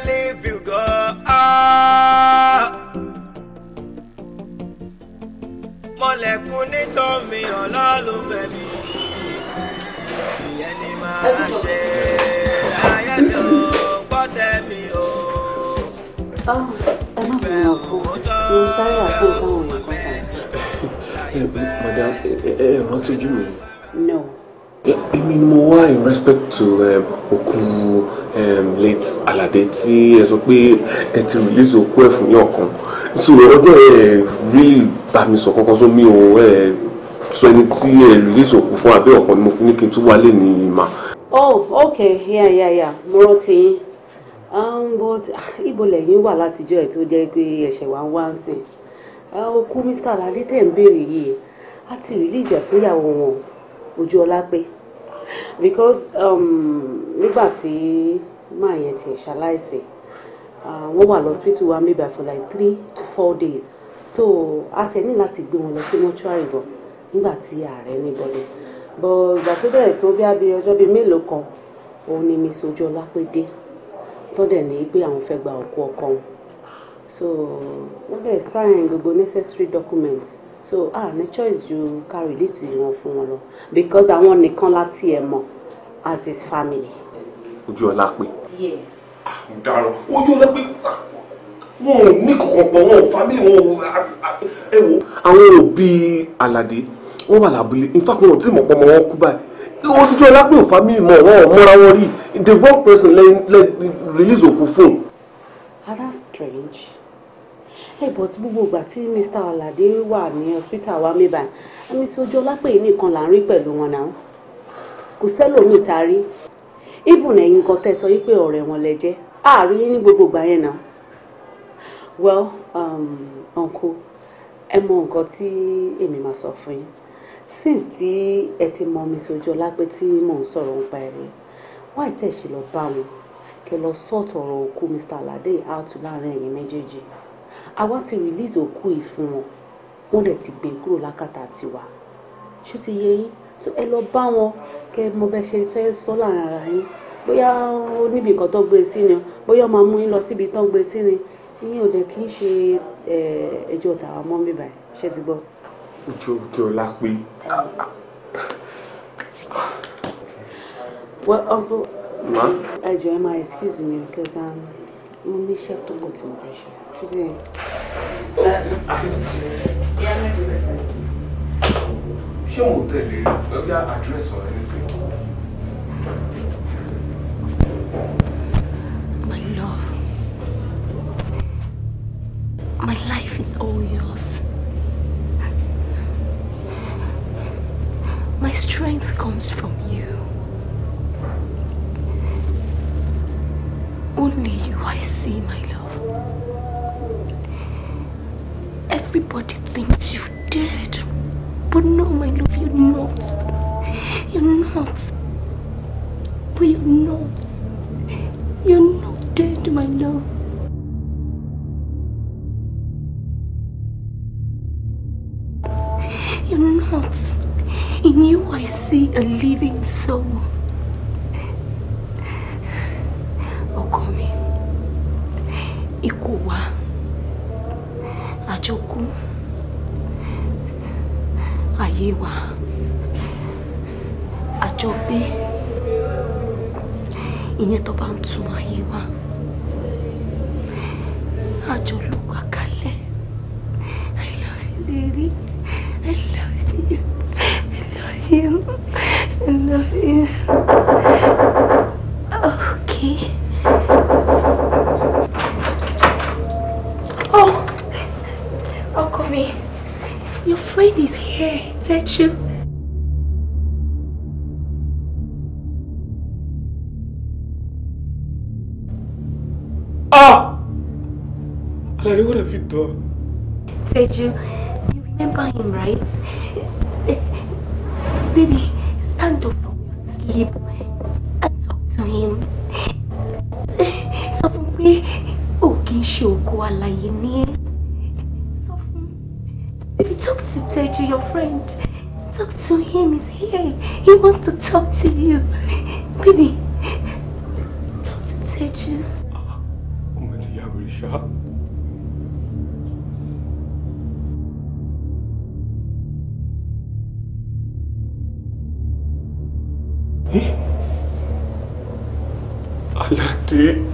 only if you go up. mọ̀lẹ́kùn nítorí ọlọ́run bẹ̀mí tìyẹn ni màá ṣe láyé mi ò gbọ́ tẹ̀mí o. fẹ́ òótọ́ fẹ́ òmùmẹ́ nífẹ̀ẹ́ láyé fẹ́. ẹ ẹ rántí ojú mi. no. Eh, èmi ni mo wá in respect to òkú eh, late Aládé tí ẹ sọ pé ẹ ti release òkú ẹ fún yàn kan so ọjọ́ really bá mi sọ kọ́kọ́ sọ mi ò ẹ eh, sọ ẹni release òkú before abẹ́ ọ̀kan ni mo fi ní kí oh okay yeah yeah yeah mo rántí um, but ah, ibo lẹ́yìn wà látijọ́ ẹ̀ tó jẹ́ pé ẹ̀ṣẹ̀ wá ń wá ń sìn òkú ah, Mr. Aládé tẹ̀ ń béèrè yìí a ti release ẹ̀ fúnyàwó wọn (laughs) because um, nígbà tí máa yẹn ti ṣaláìsí e, uh, wọ́n wà lọ́sítítù wa maybe for like three to four days so a tẹ ní láti gbé wọn lọ sí mọ́ṣúárì gan nígbà tí ààrẹ ní bọ́lẹ̀ bọ́ ìgbà tó bẹ̀rẹ̀ tó bí abí ọjọ́ bíi mélòó kan òun ni mi sojú ọlápẹ́ dé tọ́dẹ̀ ní pé àwọn fẹ́ gba òkú ọkọ wọn so wọ́n dẹ̀ sign gbogbo necessary documents so ah, ní choice ju ká release wọn fún wọn lọ because àwọn nìkan láti ẹ̀ mọ̀ as his family. ojú ọlá pé. yes. Ah, dàrọ ojú ọlá pé ah, wọn ò ní kọ̀ọ̀kan pọ̀ wọn ò family wọn ò ah, ẹ wò. àwọn òbí aládé wọn wà lábúlé in fact wọn ò tí mọ̀ pọ̀ mọ́ wọn kú báyìí ojú ọlá pé ò family mọ̀ wọn ò mọ́ra wọn rí the wrong person let let release òkú fún. ah that's strange ẹ bọ̀ sí gbogbo ìgbà tí Mr. Ọ̀làdé wà ní hospital wa mi báyìí àmì sojú ọlápẹ̀ yìí nìkan là ń rí pẹ̀lú wọn náà kò sẹ́lòmíì tá a rí ibùn ẹ̀yìn kan tẹ́ sọ wípé ọ̀rẹ́ wọn lẹ jẹ́ àárín ní gbogbo ìgbà yẹn náà well um, uncle ẹ mọ nǹkan tí èmi máa sọ fún yín since tí ẹ ti mọ mi sojú ọlápẹ̀ tí mò ń sọ̀rọ̀ nípa ẹ̀rẹ́ wáì tẹ̀ ṣe lọ bá wọn kẹ lọ sọ̀tọ̀ ọ̀rọ̀ òkú Mr. Alade out láàrin ẹ̀yìn méjèèjì àwa ti release òkú yìí fún wọn wọn dẹ̀ ti gbé e kúrò lákàtà tiwa ṣó ti yé yín so ẹ lọ bá wọn kẹ mo bẹ ṣe fẹ́ sọ láàrin ara yín bóyá oníbi kan tó gbé e sí ni bóyá ọmọ mú yín lọ síbi tó gbé e sí ni ìyẹn ò dẹ̀ kí n ṣe ẹjọ́ tàwa mọ́ mi báyìí ṣe ti gbọ́. ojú ojú ọlá pé. well uncle. ma. ẹ jọ̀ọ́ ẹ máa excuse me because i'm. Um, mo ní iṣẹ́ tó pọ̀ tí mo fẹ́ ṣe títí ẹ̀. ṣé òun tẹ̀lé lọ́yà àdírẹ́sì ọ̀rẹ́ nípe. My love, my life is all yours. My strength comes from you. Only you I see, my love. Everybody thinks you're dead. But no, my love, you're not. You're not. But you're not. You're not dead, my love. You're not. In you I see a living soul. ayé wa àjọgbé ìyẹn tó bá ń túmọ̀ ayé. door. Seju, you remember him, right? Baby, stand up from your sleep and talk to him. Sọ fún pé o kì í ṣe ògo baby talk to Teju, your friend. Talk to him, he's here. He wants to talk to you. Baby, talk to Teju. Ah, ọmọ ti yàgò ìṣá. 对。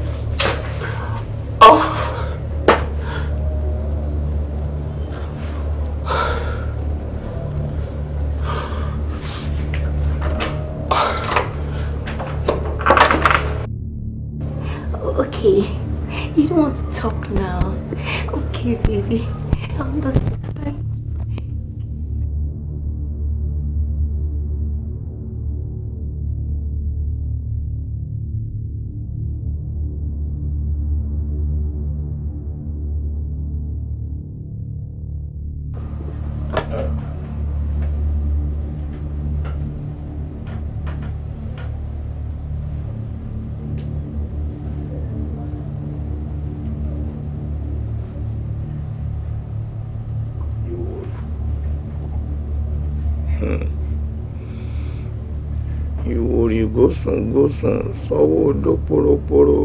gbósùngbósùn sọ́wọ́ odó poroporo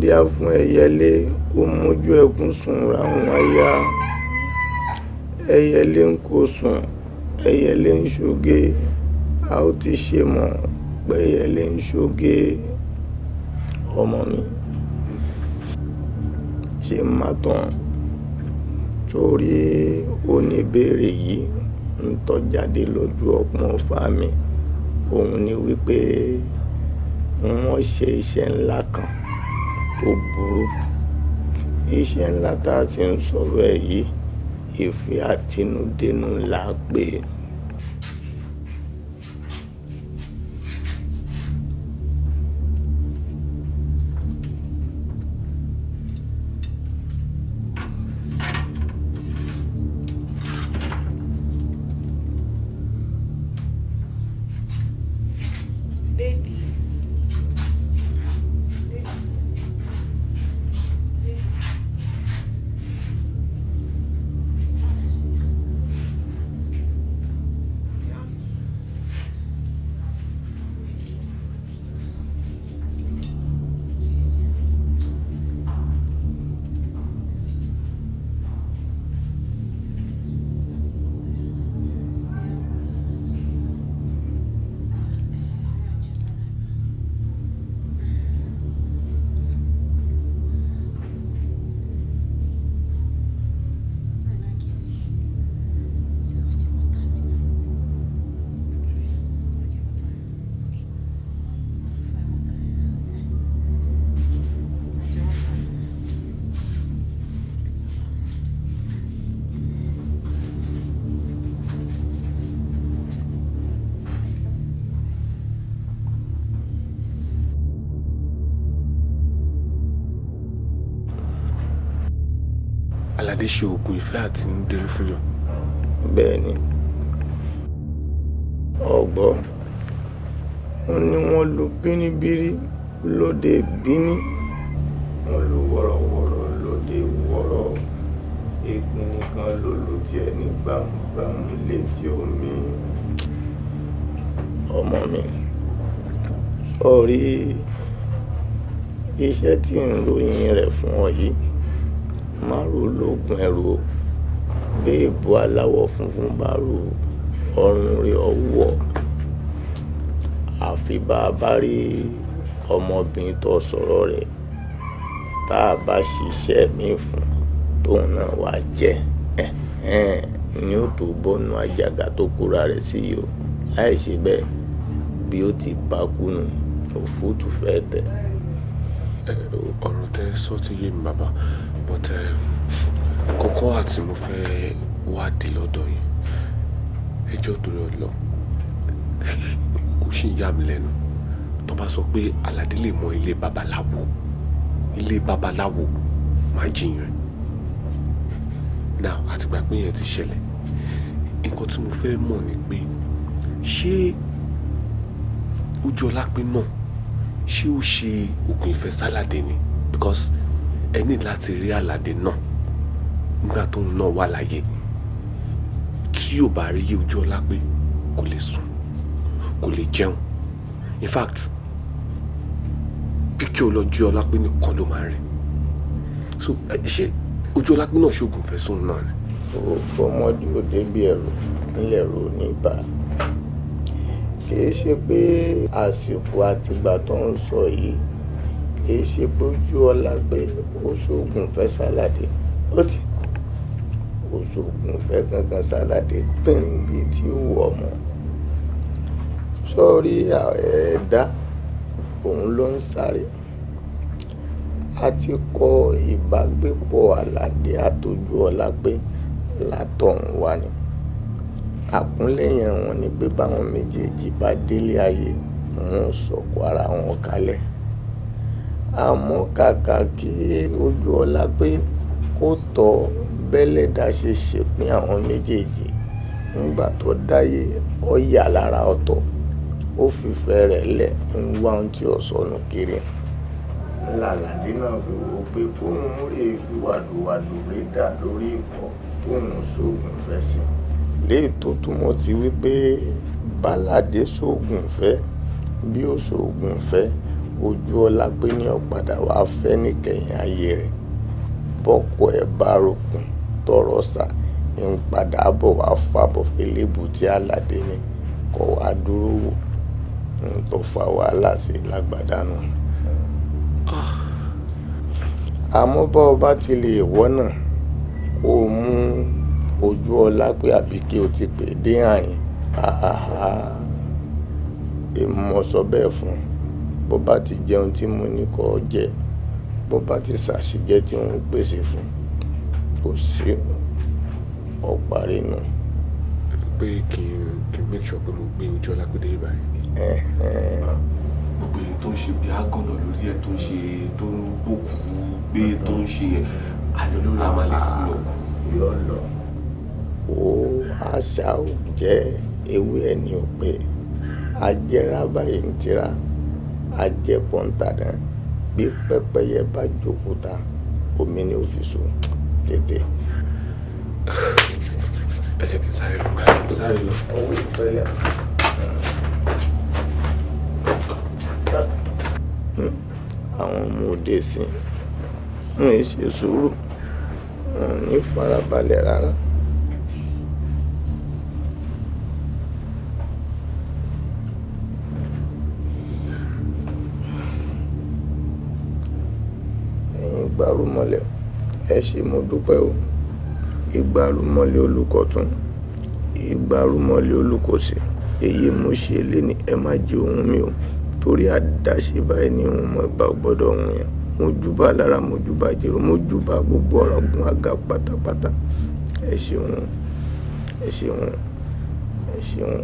díá fún ẹyẹlé ó mójú ẹkún sùn ráhùn aya ẹyẹlé ń kó sùn ẹyẹlé ń ṣoge a ó ti ṣe mọ̀ pé ẹyẹlé ń ṣoge ọmọ mi ṣe má tán torí oníbèrè yìí ń tọ́ jáde lójú ọpọ́n ọ̀fà òun ni wípé wọ́n ṣe iṣẹ́ ńlá kan tó burú iṣẹ́ ńlá tá a ti ń sọ̀rọ̀ ẹ̀ yìí ìfẹ́ àtinúdénú la pè é. ti ṣe oògùn ìfẹ́ àtinúdé ló fẹ́ yọ. bẹ́ẹ̀ ni ọgbọ́ wọn ni wọ́n lu bínibíní lóde bíní wọ́n lu wọ́rọ̀wọ́rọ̀ lóde wọ́rọ̀ egun nìkan ló lu tiẹ̀ ní gbàmùgbàmù létí omi ọmọ mi sọ̀rí iṣẹ́ tí ń ròyìn rẹ̀ fún ọ yìí márò lóògùn ẹ̀rọ béèbù aláwọ̀ funfun bá rò ọrùn rẹ̀ ọwọ́ àfi bá a bá rí ọmọbìnrin tó sọ̀rọ̀ rẹ̀ tá a bá ṣiṣẹ́ mi fún tóun náà wá jẹ́ ni ó tó bọ́nu àjàgà tó kóra rẹ̀ sí yìí o láì ṣe bẹ́ẹ̀ bí ó ti bá kúnnù òfútù fẹ́ tẹ̀. ọ̀rọ̀ tẹ́ sọ ti yé mi bàbá but nǹkan kan wà tí mo fẹ́ wádìí lọ́dọ̀ yín ẹjọ́ torí ọlọ kò sì ń yà mí lẹ́nu tó bá sọ pé aládé lè mọ ilé babaláwo ilé babaláwo má jiyàn now àtìgbà pé yẹn ti ṣẹlẹ̀ nǹkan tí mo fẹ́ mọ̀ ni pé ṣé ojú ọlápẹ́ náà ṣé ó ṣe oògùn ìfẹ́ sálàdé ni because ẹ ní láti rí àlàdé náà nígbà tó ń náà wà láyé tí yóò bá rí ojú ọlá pé kò lè sùn kò lè jẹun in fact píkì ọlọ́jú ọlá pé nìkan ló máa ń rí so ṣé ojú ọlá pé náà ṣoògùn fẹ́ sóun náà ni. ọmọdé ò débi ẹ̀rọ nílẹ̀ ro ní kì í ṣe pé àsìkò àtìgbà tó ń sọ yìí èyí ṣe bójú ọlá pé ó ṣoògùn fẹ́ sálàdé ó ti kú ó ṣoògùn fẹ́ gangan sálàdé pínrín bíi tí ó wù ọmọ sọ́ọ́rí ẹ̀dá òun ló ń sáré a ti kọ ìbágbépọ̀ àlàdé àtòjú ọlá pé látọ̀hún wá ni àkúnlẹ̀yìn wọn ni pé báwọn méjèèjì bá délé ayé wọn ò ara wọn kalẹ̀ àmọ́ kàkà kí odúọlá pé kó tọ́ bẹ́lẹ́dà ṣe ṣèpín àwọn méjèèjì ńgbà tó dáyé ó yà lára ọ̀tọ̀ ó fìfẹ́ rẹ̀ lẹ̀ ń wá ohun tí ó sọnù kiri làlàdé náà fi wò ó pé kóun rè fi wàdùwàdù rè dà lórí ìkọ́ tóun sóògùn fẹ́ sí léyìí tó túmọ̀ sí wípé bálàdé sóògùn fẹ́ bí ó sóògùn fẹ́ ojú ní padà wàá fẹ́ níkẹyìn ayé rẹ̀ bọ́kọ ẹ̀ bá rokùn tọrọ sà ń padà bọ̀ wá fàbọ̀ fẹ́lẹ́bù tí aládé ni kọ̀ wá dúró wò ń tọ́ fa o mú ojú ọlá pé àbí kí o ti pè dé àyìn sọ bẹ́ẹ̀ fún bó bá ti jẹun tí mo ní kó jẹ bó bá ti ṣàṣìjẹ tí ń pèsè fún kò sí ọ̀parí nù. pé kí n kí n make sure pé mo gbé ojú ọlágbèdè báyìí. gbogbo èyí tó ń ṣe bí agànnà lórí ẹ tó ń ṣe tó ń bòkú gbé tó ń ṣe àlọ́ lórí àmàlẹ́ sí ọkọ. yọ lọ o àṣà ò jẹ ewé ẹni ò pé ajẹ́ra báyìí ń tira ajẹ́bọ̀ ń ta dán bí pẹ́pẹ́yẹ bá jókòó ta omi ni ó fi so tètè. (sighs) ẹ jẹ́ kí n sáré lọ sáré lọ. owó ìfẹ́lẹ̀. Hmm. àwọn ọmọ òde sí i wọn ì ṣe sùúrù wọn ò ní farabalẹ̀ rárá. ìgbárùmọ̀lẹ̀ ẹ ṣé mo dúpẹ́ o ìgbárùmọ̀lẹ̀ olùkọ́tún ìgbárùmọ̀lẹ̀ olùkọ́sí èyí mo ṣe léni ẹ má jẹ ohun mi o torí àdáṣe báyìí ni òun mọ̀ ìbá gbọ́dọ̀ òun yẹn mo júbà lára mo júbà jèrò mo júbà gbogbo ọ̀ràngún àga pátápátá ẹ ṣeun ẹ ṣeun ẹ ṣeun.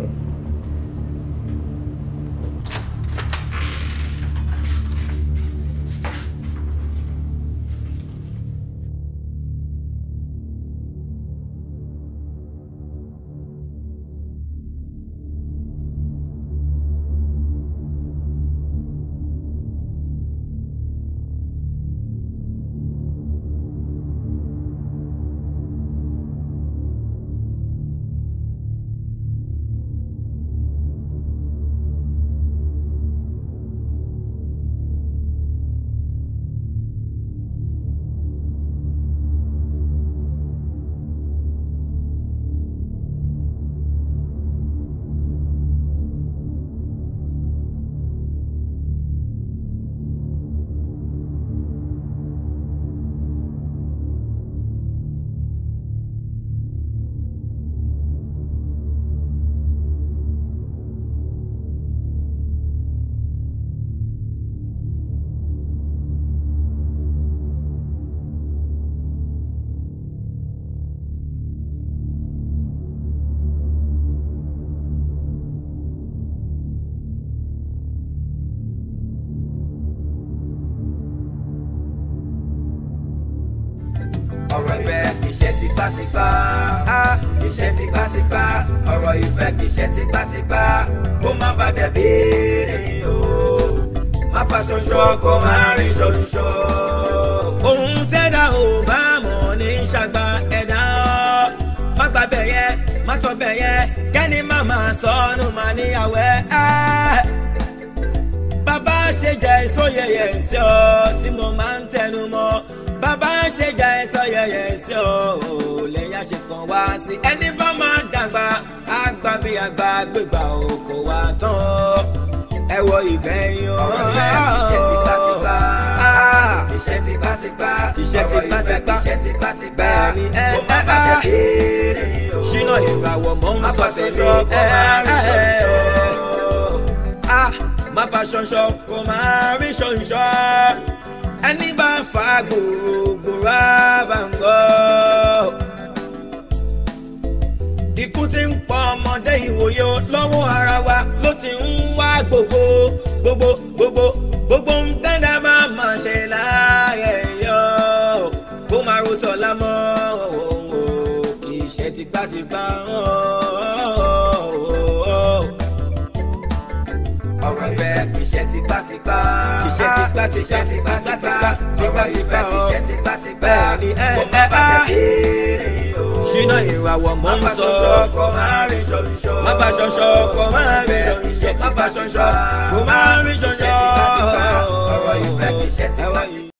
ṣiṣẹ́ tipátipá kó má bà dẹ̀bí ni o má fa ṣoṣo kó má rí ṣoṣo. ohun tẹ́dá ò bá mọ̀ ní ṣàgbà ẹ̀dá má gbà bẹ̀ yẹn má tọ́ bẹ̀ yẹn kẹ́ni má máa sọnù má níyàwó ẹ̀. bàbá ṣe jẹ́ ìsóyeyè sí ọ tí mo máa ń tẹnu mọ́ bàbá ṣèjà ẹ̀sọ́ yẹ̀yẹ̀ sí ọ ò lẹ́yìn àṣetàn wá sí ẹni bá máa dàgbà ipá bí àgbà gbégbà òkò wá tán ẹ wọ ìgbẹ̀yìn ọ̀rọ̀ iṣẹ́ tipátipá iṣẹ́ tipátipá iṣẹ́ tipátipá iṣẹ́ tipátipá bẹ́ẹ̀ni ẹ ẹ ẹ ṣínà ìràwọ̀ mọ́ ń sọ tẹ̀lé ẹ ẹ ẹ má fa ṣanṣọ kò máa rí ṣanṣọ ẹni bá fa gbòòrò gbòòrò àbàǹgọ́ ikú ti ń pa ọmọdé ìwòye lọ́wọ́ ara wa ló ti ń wá gbogbo gbogbo gbogbo gbogbo ń tẹ́lẹ̀ bá mà ṣe láàyè yọ kó máa ro tọ̀la mọ́ kì í ṣe tipátipá ọ̀rọ̀ ìfẹ́ kì í ṣe tipátipá kì í ṣe tipátipá kì í ṣe tipátipá tipátipá kì í ṣe tipátipá bẹ́ẹ̀ ni ẹ ẹ á ṣínà ìràwọ̀ mò ń sọ. má bá ṣọṣọ kọ má rí ṣọṣọ má bá ṣọṣọ kọ má rí ṣọṣọ. ọ̀rọ̀ ìfẹ́ kì í ṣe ti bá